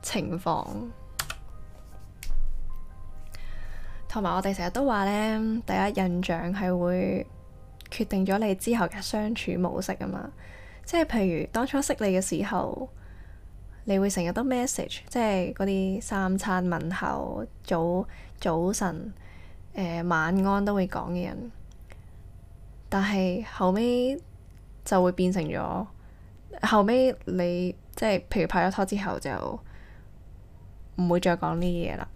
情況。同埋我哋成日都話呢，第一印象係會決定咗你之後嘅相處模式啊嘛。即係譬如當初識你嘅時候。你會成日都 message，即係嗰啲三餐問候、早、早晨、呃、晚安都會講嘅人，但係後尾就會變成咗後尾你，即係譬如拍咗拖之後就唔會再講呢啲嘢啦。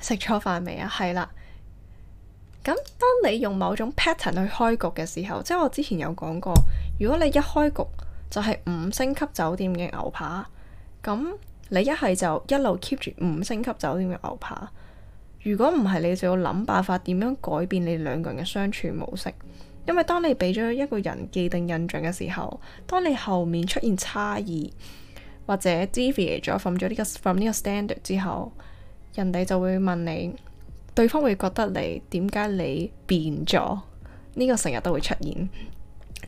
食咗飯未啊？係啦。咁當你用某種 pattern 去開局嘅時候，即係我之前有講過，如果你一開局，就係五星級酒店嘅牛扒，咁你一係就一路 keep 住五星級酒店嘅牛扒。如果唔係，你就要諗辦法點樣改變你兩個人嘅相處模式。因為當你俾咗一個人既定印象嘅時候，當你後面出現差異或者 deviate 咗 from 咗呢個 from 呢個 standard 之後，人哋就會問你，對方會覺得你點解你變咗？呢個成日都會出現。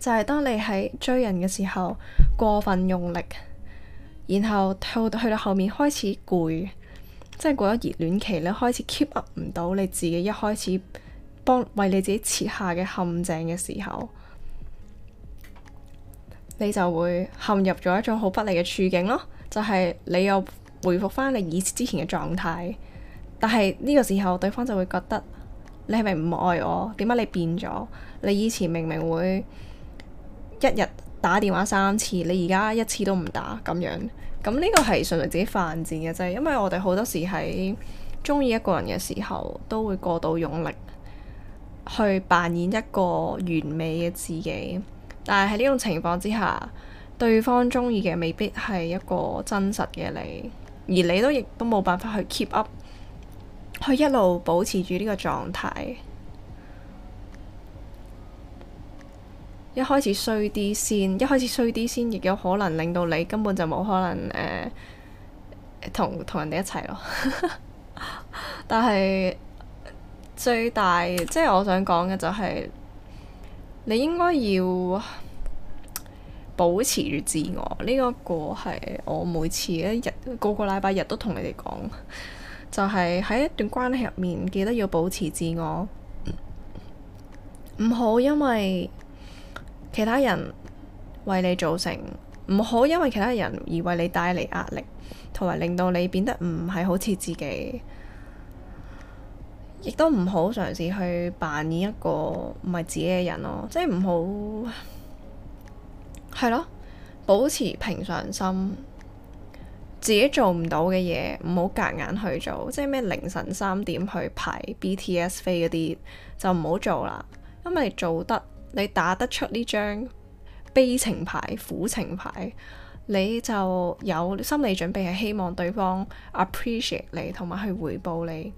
就係當你喺追人嘅時候，過分用力，然後到去到，到後面開始攰，即係過咗熱戀期，你開始 keep up 唔到你自己一開始幫為你自己設下嘅陷阱嘅時候，你就會陷入咗一種好不利嘅處境咯。就係、是、你又回復翻你以前之前嘅狀態，但係呢個時候對方就會覺得，你係咪唔愛我？點解你變咗？你以前明明會，一日打電話三次，你而家一次都唔打咁樣，咁呢個係純粹自己犯賤嘅啫。因為我哋好多時喺鍾意一個人嘅時候，都會過度用力去扮演一個完美嘅自己，但係喺呢種情況之下，對方鍾意嘅未必係一個真實嘅你，而你都亦都冇辦法去 keep up，去一路保持住呢個狀態。一開始衰啲先，一開始衰啲先，亦有可能令到你根本就冇可能誒，同、呃、同人哋一齊咯。 但係最大，即係我想講嘅就係，你應該要保持住自我。呢、這、一個係我每次一日個個禮拜日都同你哋講，就係、是、喺一段關係入面，記得要保持自我，唔好因為，其他人為你造成唔好，因為其他人而為你帶嚟壓力，同埋令到你變得唔係好似自己，亦都唔好嘗試去扮演一個唔係自己嘅人咯。即係唔好，係咯，保持平常心。自己做唔到嘅嘢，唔好夾硬去做。即係咩凌晨三點去排 BTS 飛嗰啲，就唔好做啦。因為做得。你打得出呢張悲情牌、苦情牌，你就有心理準備係希望對方 appreciate 你，同埋去回報你。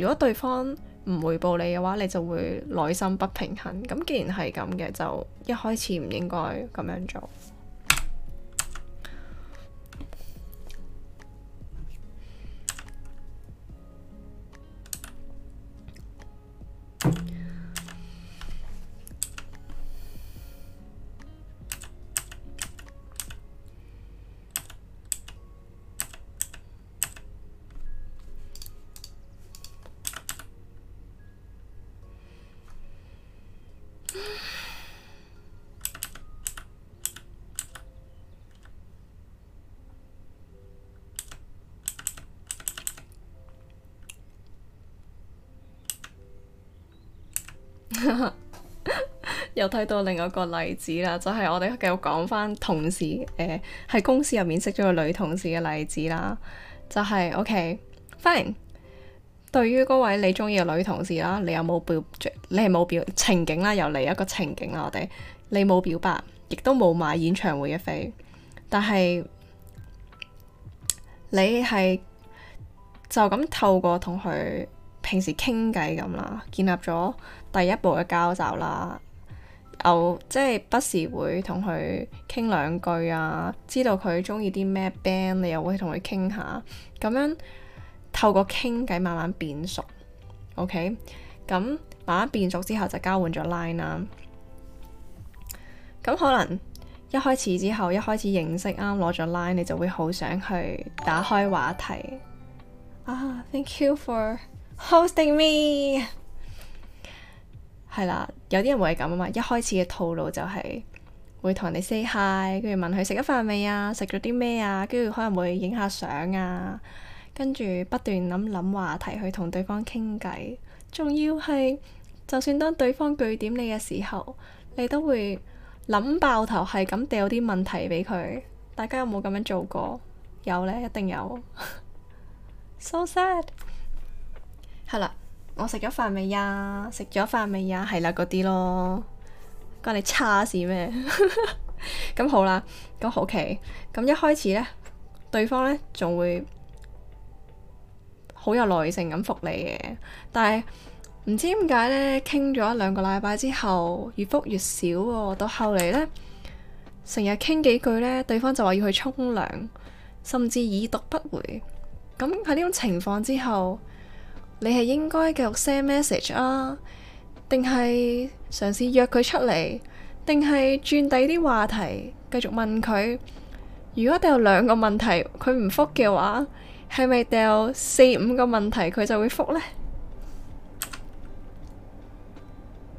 如果對方唔回報你嘅話，你就會內心不平衡。咁既然係咁嘅，就一開始唔應該咁樣做。又睇到另外一個例子啦，就係、是、我哋繼續講翻同事誒、喺、呃、公司入面識咗個女同事嘅例子啦。就係 OK fine，對於嗰位你中意嘅女同事啦，你有冇表？你係冇表情景啦，又嚟一個情景啦。我哋你冇表白，亦都冇買演唱會嘅飛，但係你係就咁透過同佢平時傾偈咁啦，建立咗第一步嘅交集啦。有、oh, 即係不時會同佢傾兩句啊，知道佢中意啲咩 band，你又會同佢傾下，咁樣透過傾偈慢慢變熟，OK，咁慢慢變熟之後就交換咗 line 啦、啊。咁可能一開始之後一開始認識啱攞咗 line，你就會好想去打開話題。啊、ah，thank you for hosting me。係啦，有啲人會係咁啊嘛，一開始嘅套路就係會同人哋 say hi，跟住問佢食咗飯未啊，食咗啲咩啊，跟住可能會影下相啊，跟住不斷諗諗話題去同對方傾偈，仲要係就算當對方句點你嘅時候，你都會諗爆頭係咁掉啲問題俾佢。大家有冇咁樣做過？有呢？一定有。 so sad。 係啦。我食咗飯未呀？食咗飯未呀？係啦，嗰啲咯，關你叉事咩？咁 好啦，咁好奇，咁、okay. 一開始呢，對方呢仲會好有耐性咁復你嘅，但係唔知點解呢，傾咗一兩個禮拜之後，越復越少喎，哦，到後嚟呢，成日傾幾句呢，對方就話要去沖涼，甚至已讀不回，咁喺呢種情況之後。你係應該繼續 send message 啊，定係嘗試約佢出嚟，定係轉第啲話題繼續問佢？如果掉兩個問題佢唔復嘅話，係咪掉四五個問題佢就會復呢？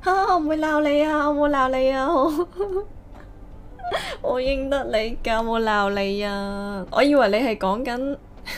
吓、啊，我唔會鬧你啊，我唔會鬧你啊， 我認得你噶，我冇鬧你啊。我以為你係講緊。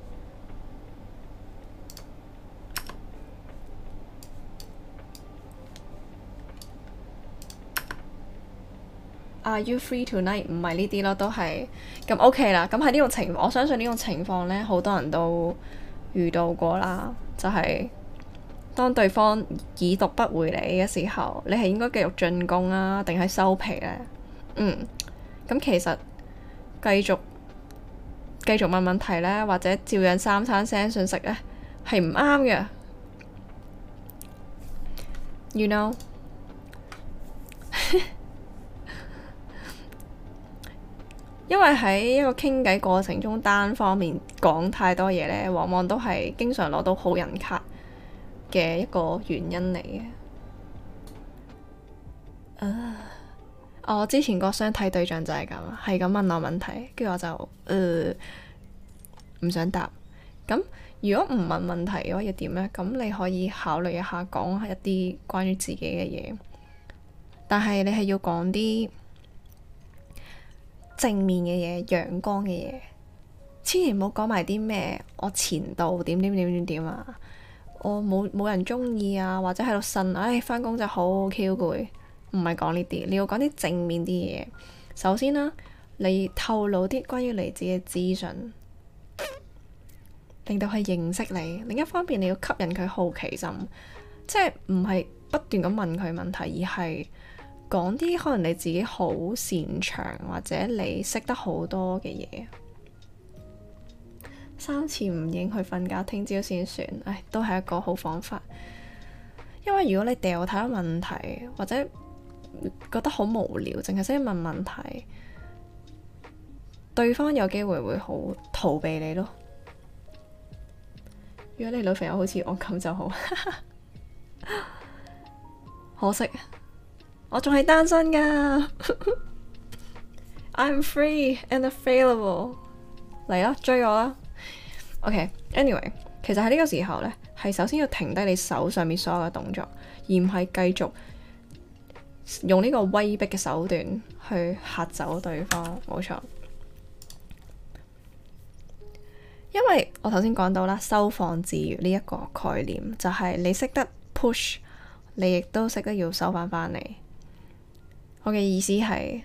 Are you free tonight？唔係呢啲咯，都係咁 OK 啦。咁喺呢種情況，我相信呢種情況呢，好多人都遇到過啦。就係、是、當對方已讀不回你嘅時候，你係應該繼續進攻啊，定係收皮呢？嗯，咁其實繼續繼續問問題呢，或者照樣三餐聲信息呢，係唔啱嘅。You know. 因為喺一個傾偈過程中，單方面講太多嘢咧，往往都係經常攞到好人卡嘅一個原因嚟嘅。啊、uh，我之前個相睇對象就係咁，係咁問我問題，跟住我就，誒、呃，唔想答。咁如果唔問問題嘅話要點咧？咁你可以考慮一下講一啲關於自己嘅嘢，但係你係要講啲。正面嘅嘢，陽光嘅嘢，千祈唔好講埋啲咩我前度點點點點點啊，我冇冇人中意啊，或者喺度呻，唉、哎，返工就好 Q 攰，唔係講呢啲，你要講啲正面啲嘢。首先啦，你透露啲關於你自己嘅資訊，令到佢認識你。另一方面，你要吸引佢好奇心，即係唔係不斷咁問佢問題，而係。講啲可能你自己好擅長或者你識得好多嘅嘢，三次唔應佢瞓覺，聽朝先算，唉，都係一個好方法。因為如果你掉太多問題，或者覺得好無聊，淨係識問問題，對方有機會會好逃避你咯。如果你女朋友好似我咁就好， 可惜。我仲係單身㗎 ，I'm free and available。嚟咯，追我啦。OK，Anyway，okay，其實喺呢個時候呢，係首先要停低你手上面所有嘅動作，而唔係繼續用呢個威逼嘅手段去嚇走對方。冇錯，因為我頭先講到啦，收放自如呢一個概念，就係、是、你識得 push，你亦都識得要收返翻嚟。我嘅意思係，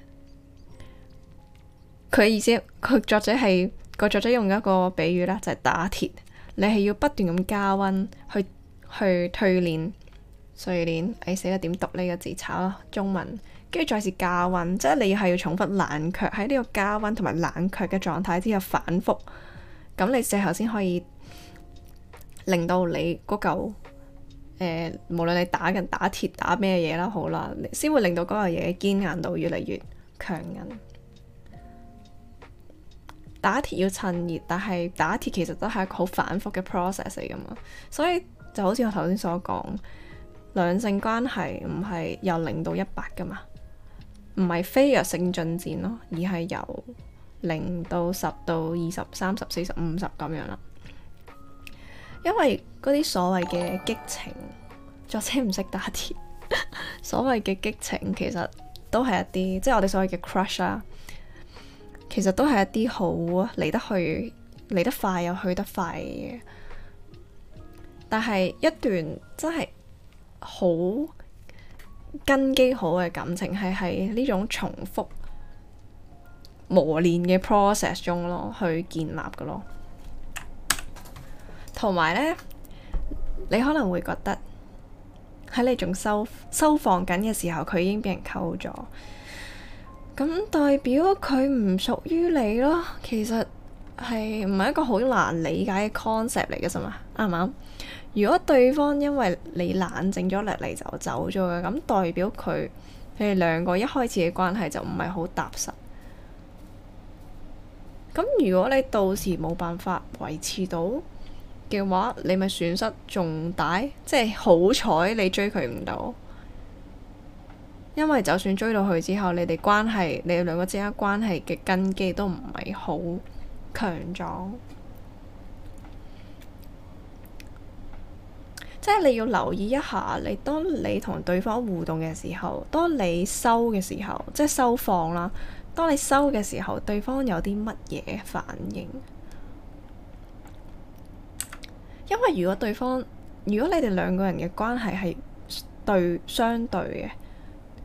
佢嘅意思，佢作者係個作者用一個比喻啦，就係、是、打鐵，你係要不斷咁加溫，去去淬煉、碎煉，誒死喇，點讀呢個字？炒中文，跟住再次加溫，即係你要係要重複冷卻，喺呢個加溫同埋冷卻嘅狀態之下，反覆，咁你最後先可以令到你嗰嚿。誒、呃，無論你打緊打鐵打咩嘢啦，好啦，先會令到嗰樣嘢嘅堅硬度越嚟越強硬。打鐵要趁熱，但係打鐵其實都係一個好反覆嘅 process 嚟噶嘛。所以就好似我頭先所講，兩性關係唔係由零到一百噶嘛，唔係飛躍性進展咯，而係由零到十到二十、三十、四十五十咁樣啦。因為嗰啲所謂嘅激情，作者唔識打鐵。所謂嘅激情其、啊，其實都係一啲，即係我哋所謂嘅 crush 啦。其實都係一啲好啊，嚟得去，嚟得快又去得快嘅嘢。但係一段真係好根基好嘅感情，係喺呢種重複磨練嘅 process 中咯，去建立嘅咯。同埋呢，你可能會覺得喺你仲收收放緊嘅時候，佢已經俾人溝咗，咁代表佢唔屬於你咯。其實係唔係一個好難理解嘅 concept 嚟嘅？咋嘛，啱唔啱？如果對方因為你冷靜咗落嚟就走咗嘅，咁代表佢你哋兩個一開始嘅關係就唔係好踏實。咁如果你到時冇辦法維持到。嘅話，你咪損失仲大，即係好彩你追佢唔到，因為就算追到佢之後，你哋關係，你哋兩個之間關係嘅根基都唔係好強壯， 即係你要留意一下，你當你同對方互動嘅時候，當你收嘅時候，即係收放啦，當你收嘅時候，對方有啲乜嘢反應？因為如果對方，如果你哋兩個人嘅關係係對相對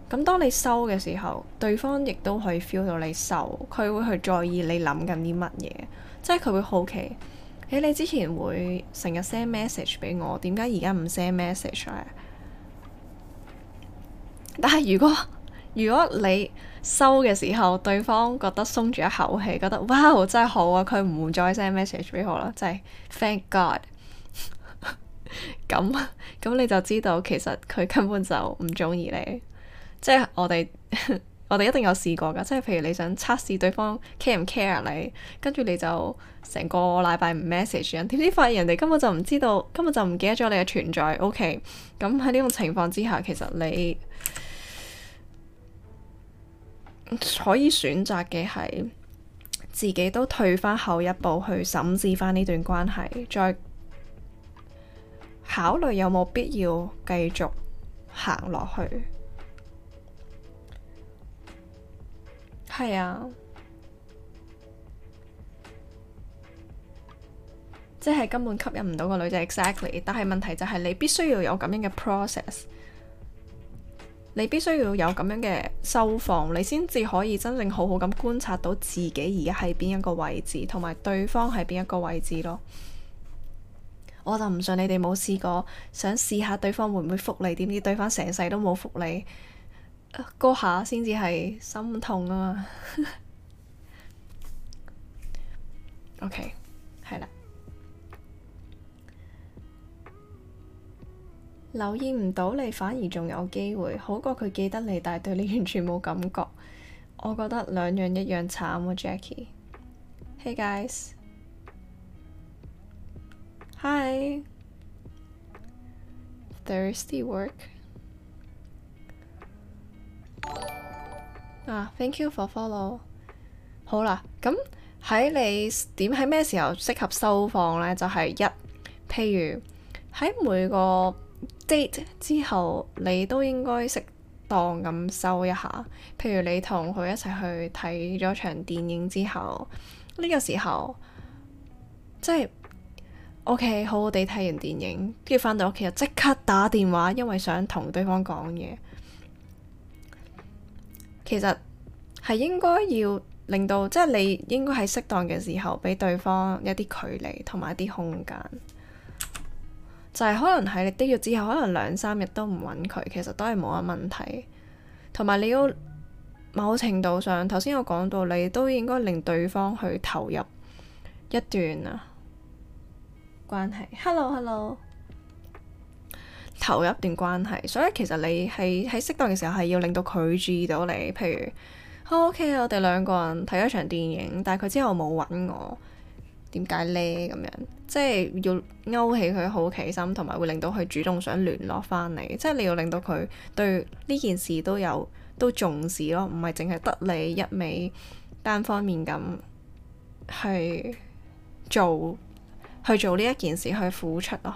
嘅，咁當你收嘅時候，對方亦都可以 feel 到你收，佢會去在意你諗緊啲乜嘢，即係佢會好奇，喺、欸、你之前會成日 send message 俾我，點解而家唔 send message 咧？但係如果如果你收嘅時候，對方覺得鬆住一口氣，覺得哇，真係好啊，佢唔再 send message 俾我啦，就係 thank god。咁咁你就知道，其實佢根本就唔中意你即係我哋 我哋一定有試過噶，即係譬如你想測試對方 care 唔 care 你，跟住你就成個禮拜唔 message 人，點知發現人哋根本就唔知道，根本就唔記得咗你嘅存在。OK，咁喺呢種情況之下，其實你可以選擇嘅係自己都退翻後一步，去審視翻呢段關係，再。考慮有冇必要繼續行落去？係啊，即係根本吸引唔到個女仔。Exactly，但係問題就係你必須要有咁樣嘅 process，你必須要有咁樣嘅收放，你先至可以真正好好咁觀察到自己而家喺邊一個位置，同埋對方喺邊一個位置咯。我就唔信你哋冇試過，想試下對方會唔會復你？點知對方成世都冇復你，嗰下先至係心痛啊嘛 ！OK，係啦，留意唔到你，反而仲有機會，好過佢記得你，但係對你完全冇感覺。我覺得兩樣一樣慘啊，Jackie。Hey guys。Hi，there's the work、ah。thank you for follow 好。好啦，咁喺你點喺咩時候適合收放呢？就係、是、一，譬如喺每個 date 之後，你都應該適當咁收一下。譬如你同佢一齊去睇咗場電影之後，呢、呢個時候即係。O.K. 好好地睇完電影，跟住翻到屋企又即刻打電話，因為想同對方講嘢。其實係應該要令到，即係你應該喺適當嘅時候俾對方一啲距離同埋一啲空間。就係可能喺你啲咗之後，可能兩三日都唔揾佢，其實都係冇乜問題。同埋你要某程度上，頭先我講到你都應該令對方去投入一段啊。關係，hello hello，投入一段關係，所以其實你係喺適當嘅時候係要令到佢注意到你，譬如，好，OK，我哋兩個人睇咗場電影，但係佢之後冇揾我，點解呢？咁樣，即係要勾起佢好奇心，同埋會令到佢主動想聯絡翻你，即係你要令到佢對呢件事都有都重視咯，唔係淨係得你一味單方面咁去做。去做呢一件事，去付出咯。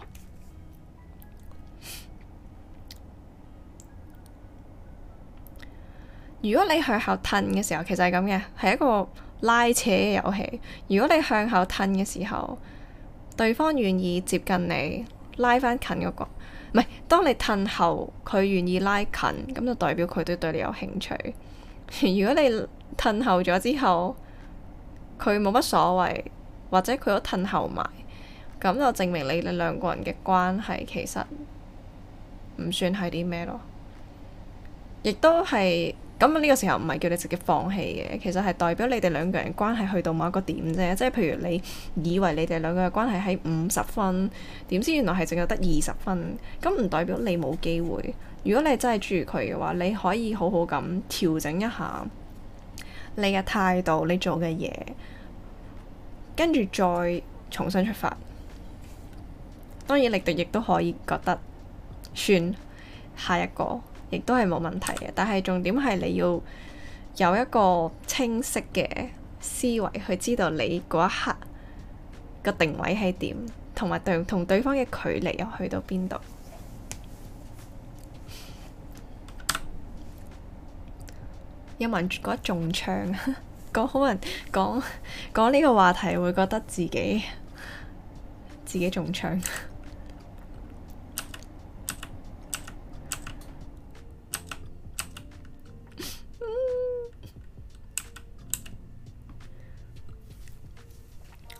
如果你向後褪嘅時候，其實係咁嘅，係一個拉扯嘅遊戲。如果你向後褪嘅時候，對方願意接近你，拉翻近嗰個、那個，唔係當你褪後佢願意拉近咁，就代表佢都對你有興趣。 如果你褪後咗之後，佢冇乜所謂，或者佢都褪後埋。咁就證明你哋兩個人嘅關係其實唔算係啲咩咯，亦都係咁。呢個時候唔係叫你直接放棄嘅，其實係代表你哋兩個人關係去到某一個點啫。即係譬如你以為你哋兩個嘅關係喺五十分，點知原來係淨係得二十分，咁唔代表你冇機會。如果你真係注意佢嘅話，你可以好好咁調整一下你嘅態度，你做嘅嘢，跟住再重新出發。當然力度亦都可以覺得算下一個，亦都係冇問題嘅。但係重點係你要有一個清晰嘅思維，去知道你嗰一刻個定位係點，同埋對同對方嘅距離又去到邊度。有冇人覺得中槍啊？個 好多人講講呢個話題，會覺得自己自己中槍。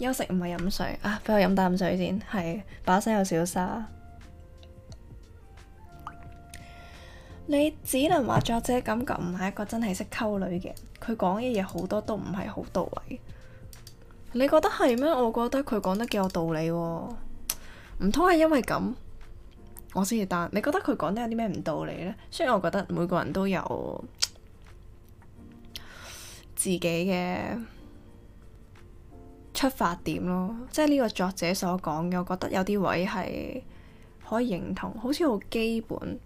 休息唔係飲水啊！俾我飲啖水先，係把聲有少沙。 你只能話作者感覺唔係一個真係識溝女嘅，佢講嘅嘢好多都唔係好到位。你覺得係咩？我覺得佢講得幾有道理喎。唔通係因為咁，我先至單。你覺得佢講得有啲咩唔道理呢？雖然我覺得每個人都有自己嘅。出發點咯，即係呢個作者所講嘅，我覺得有啲位係可以認同，好似好基本。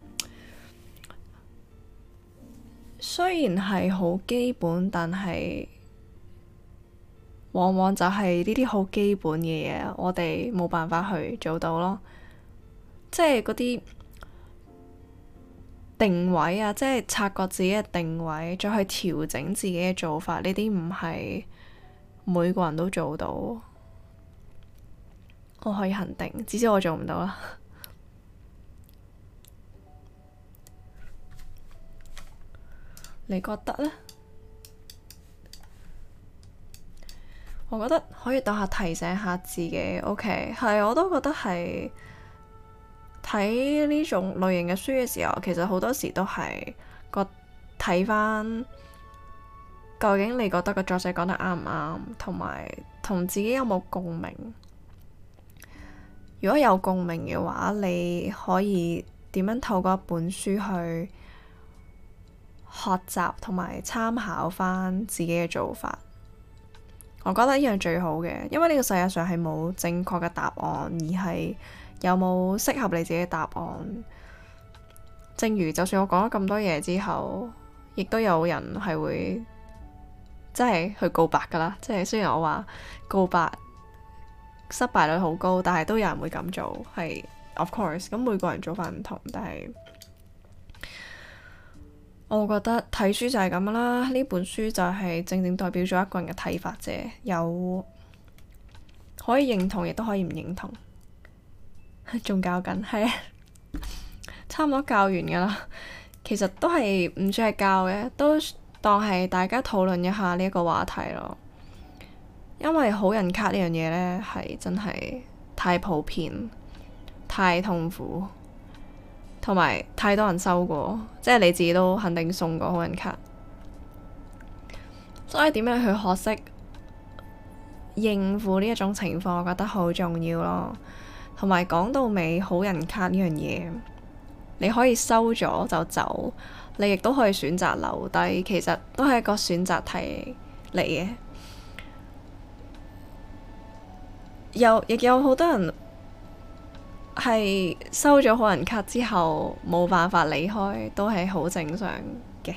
雖然係好基本，但係往往就係呢啲好基本嘅嘢，我哋冇辦法去做到咯。即係嗰啲定位啊，即係察覺自己嘅定位，再去調整自己嘅做法，呢啲唔係，每個人都做到，我可以肯定，至少我做唔到啦。 你覺得呢？我覺得可以當下提醒下自己，OK，係我都覺得係睇呢種類型嘅書嘅時候，其實好多時都係個睇翻。究竟你覺得個作者講得啱唔啱，同埋同自己有冇共鳴？如果有共鳴嘅話，你可以點樣透過一本書去學習同埋參考翻自己嘅做法？我覺得呢樣最好嘅，因為呢個世界上係冇正確嘅答案，而係有冇適合你自己嘅答案。正如就算我講咗咁多嘢之後，亦都有人係會。即係去告白噶啦，即係雖然我話告白失敗率好高，但係都有人會咁做，係 of course。咁每個人做法唔同，但係我覺得睇書就係咁噶啦。呢本書就係正正代表咗一個人嘅睇法啫，有可以認同，亦都可以唔認同。仲教緊係，差唔多教完噶啦。其實都係唔算係教嘅，都。當係大家討論一下呢一個話題咯，因為好人卡呢樣嘢呢係真係太普遍，太痛苦，同埋太多人收過，即係你自己都肯定送過好人卡，所以點樣去學識應付呢一種情況，我覺得好重要咯。同埋講到尾，好人卡呢樣嘢，你可以收咗就走。你亦都可以選擇留低，其實都係一個選擇題嚟嘅。有，亦有好多人係收咗好人卡之後冇辦法離開，都係好正常嘅。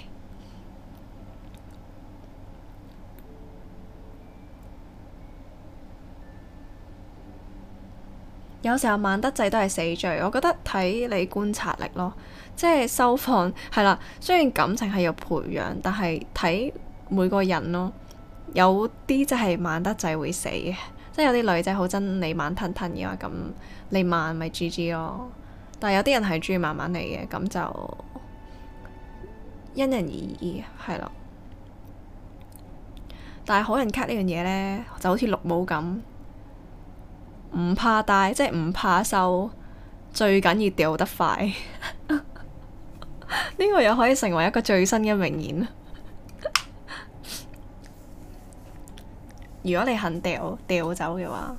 有時候慢得滯都係死罪，我覺得睇你觀察力咯。即係收放係啦。雖然感情係要培養，但係睇每個人咯。有啲真係慢得滯會死嘅，即係有啲女仔好憎你慢吞吞嘅話，咁你慢咪 G G 咯。但係有啲人係中意慢慢嚟嘅，咁就因人而異係咯。但係好人卡呢樣嘢呢，就好似綠帽咁，唔怕戴即係唔怕收，最緊要掉得快。 呢 個又可以成為一個最新嘅名言 如果你肯掉掉走嘅話，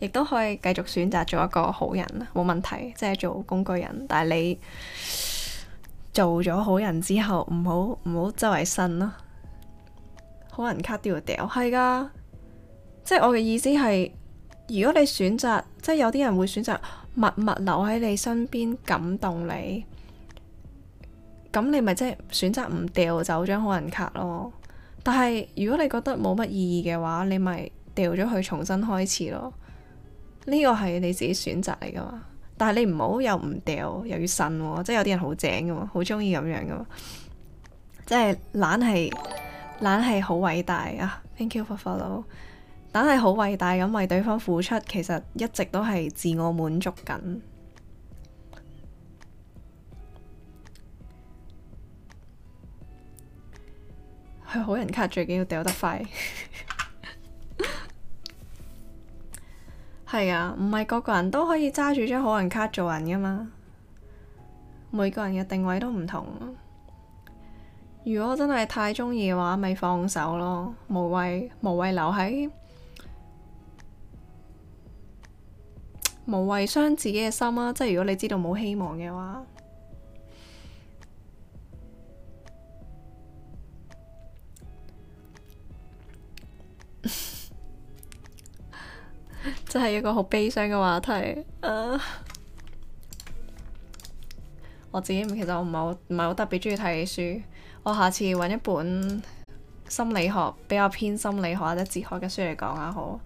亦都可以繼續選擇做一個好人，冇問題。即、就、係、是、做工具人，但係你做咗好人之後，唔好唔好周圍呻咯、啊。好人卡都要掉，係噶。即係我嘅意思係，如果你選擇，即係有啲人會選擇默默留喺你身邊，感動你。咁你咪即係選擇唔掉走張好人卡咯，但係如果你覺得冇乜意義嘅話，你咪掉咗佢重新開始咯。呢個係你自己選擇嚟噶嘛，但係你唔好又唔掉又要呻，即係有啲人好正噶嘛，好中意咁樣噶，即係懶係懶係好偉大啊！Thank you for follow，懶係好偉大咁為對方付出，其實一直都係自我滿足緊。佢好人卡最緊要掉得快，係 啊，唔係個個人都可以揸住張好人卡做人噶嘛。每個人嘅定位都唔同。如果我真係太中意嘅話，咪放手咯，無謂無謂留喺，無謂傷自己嘅心啊！即係如果你知道冇希望嘅話。真係一個好悲傷嘅話題啊！我自己其實我唔係好唔係好特別鍾意睇書，我下次揾一本心理學比較偏心理學或者哲學嘅書嚟講下好。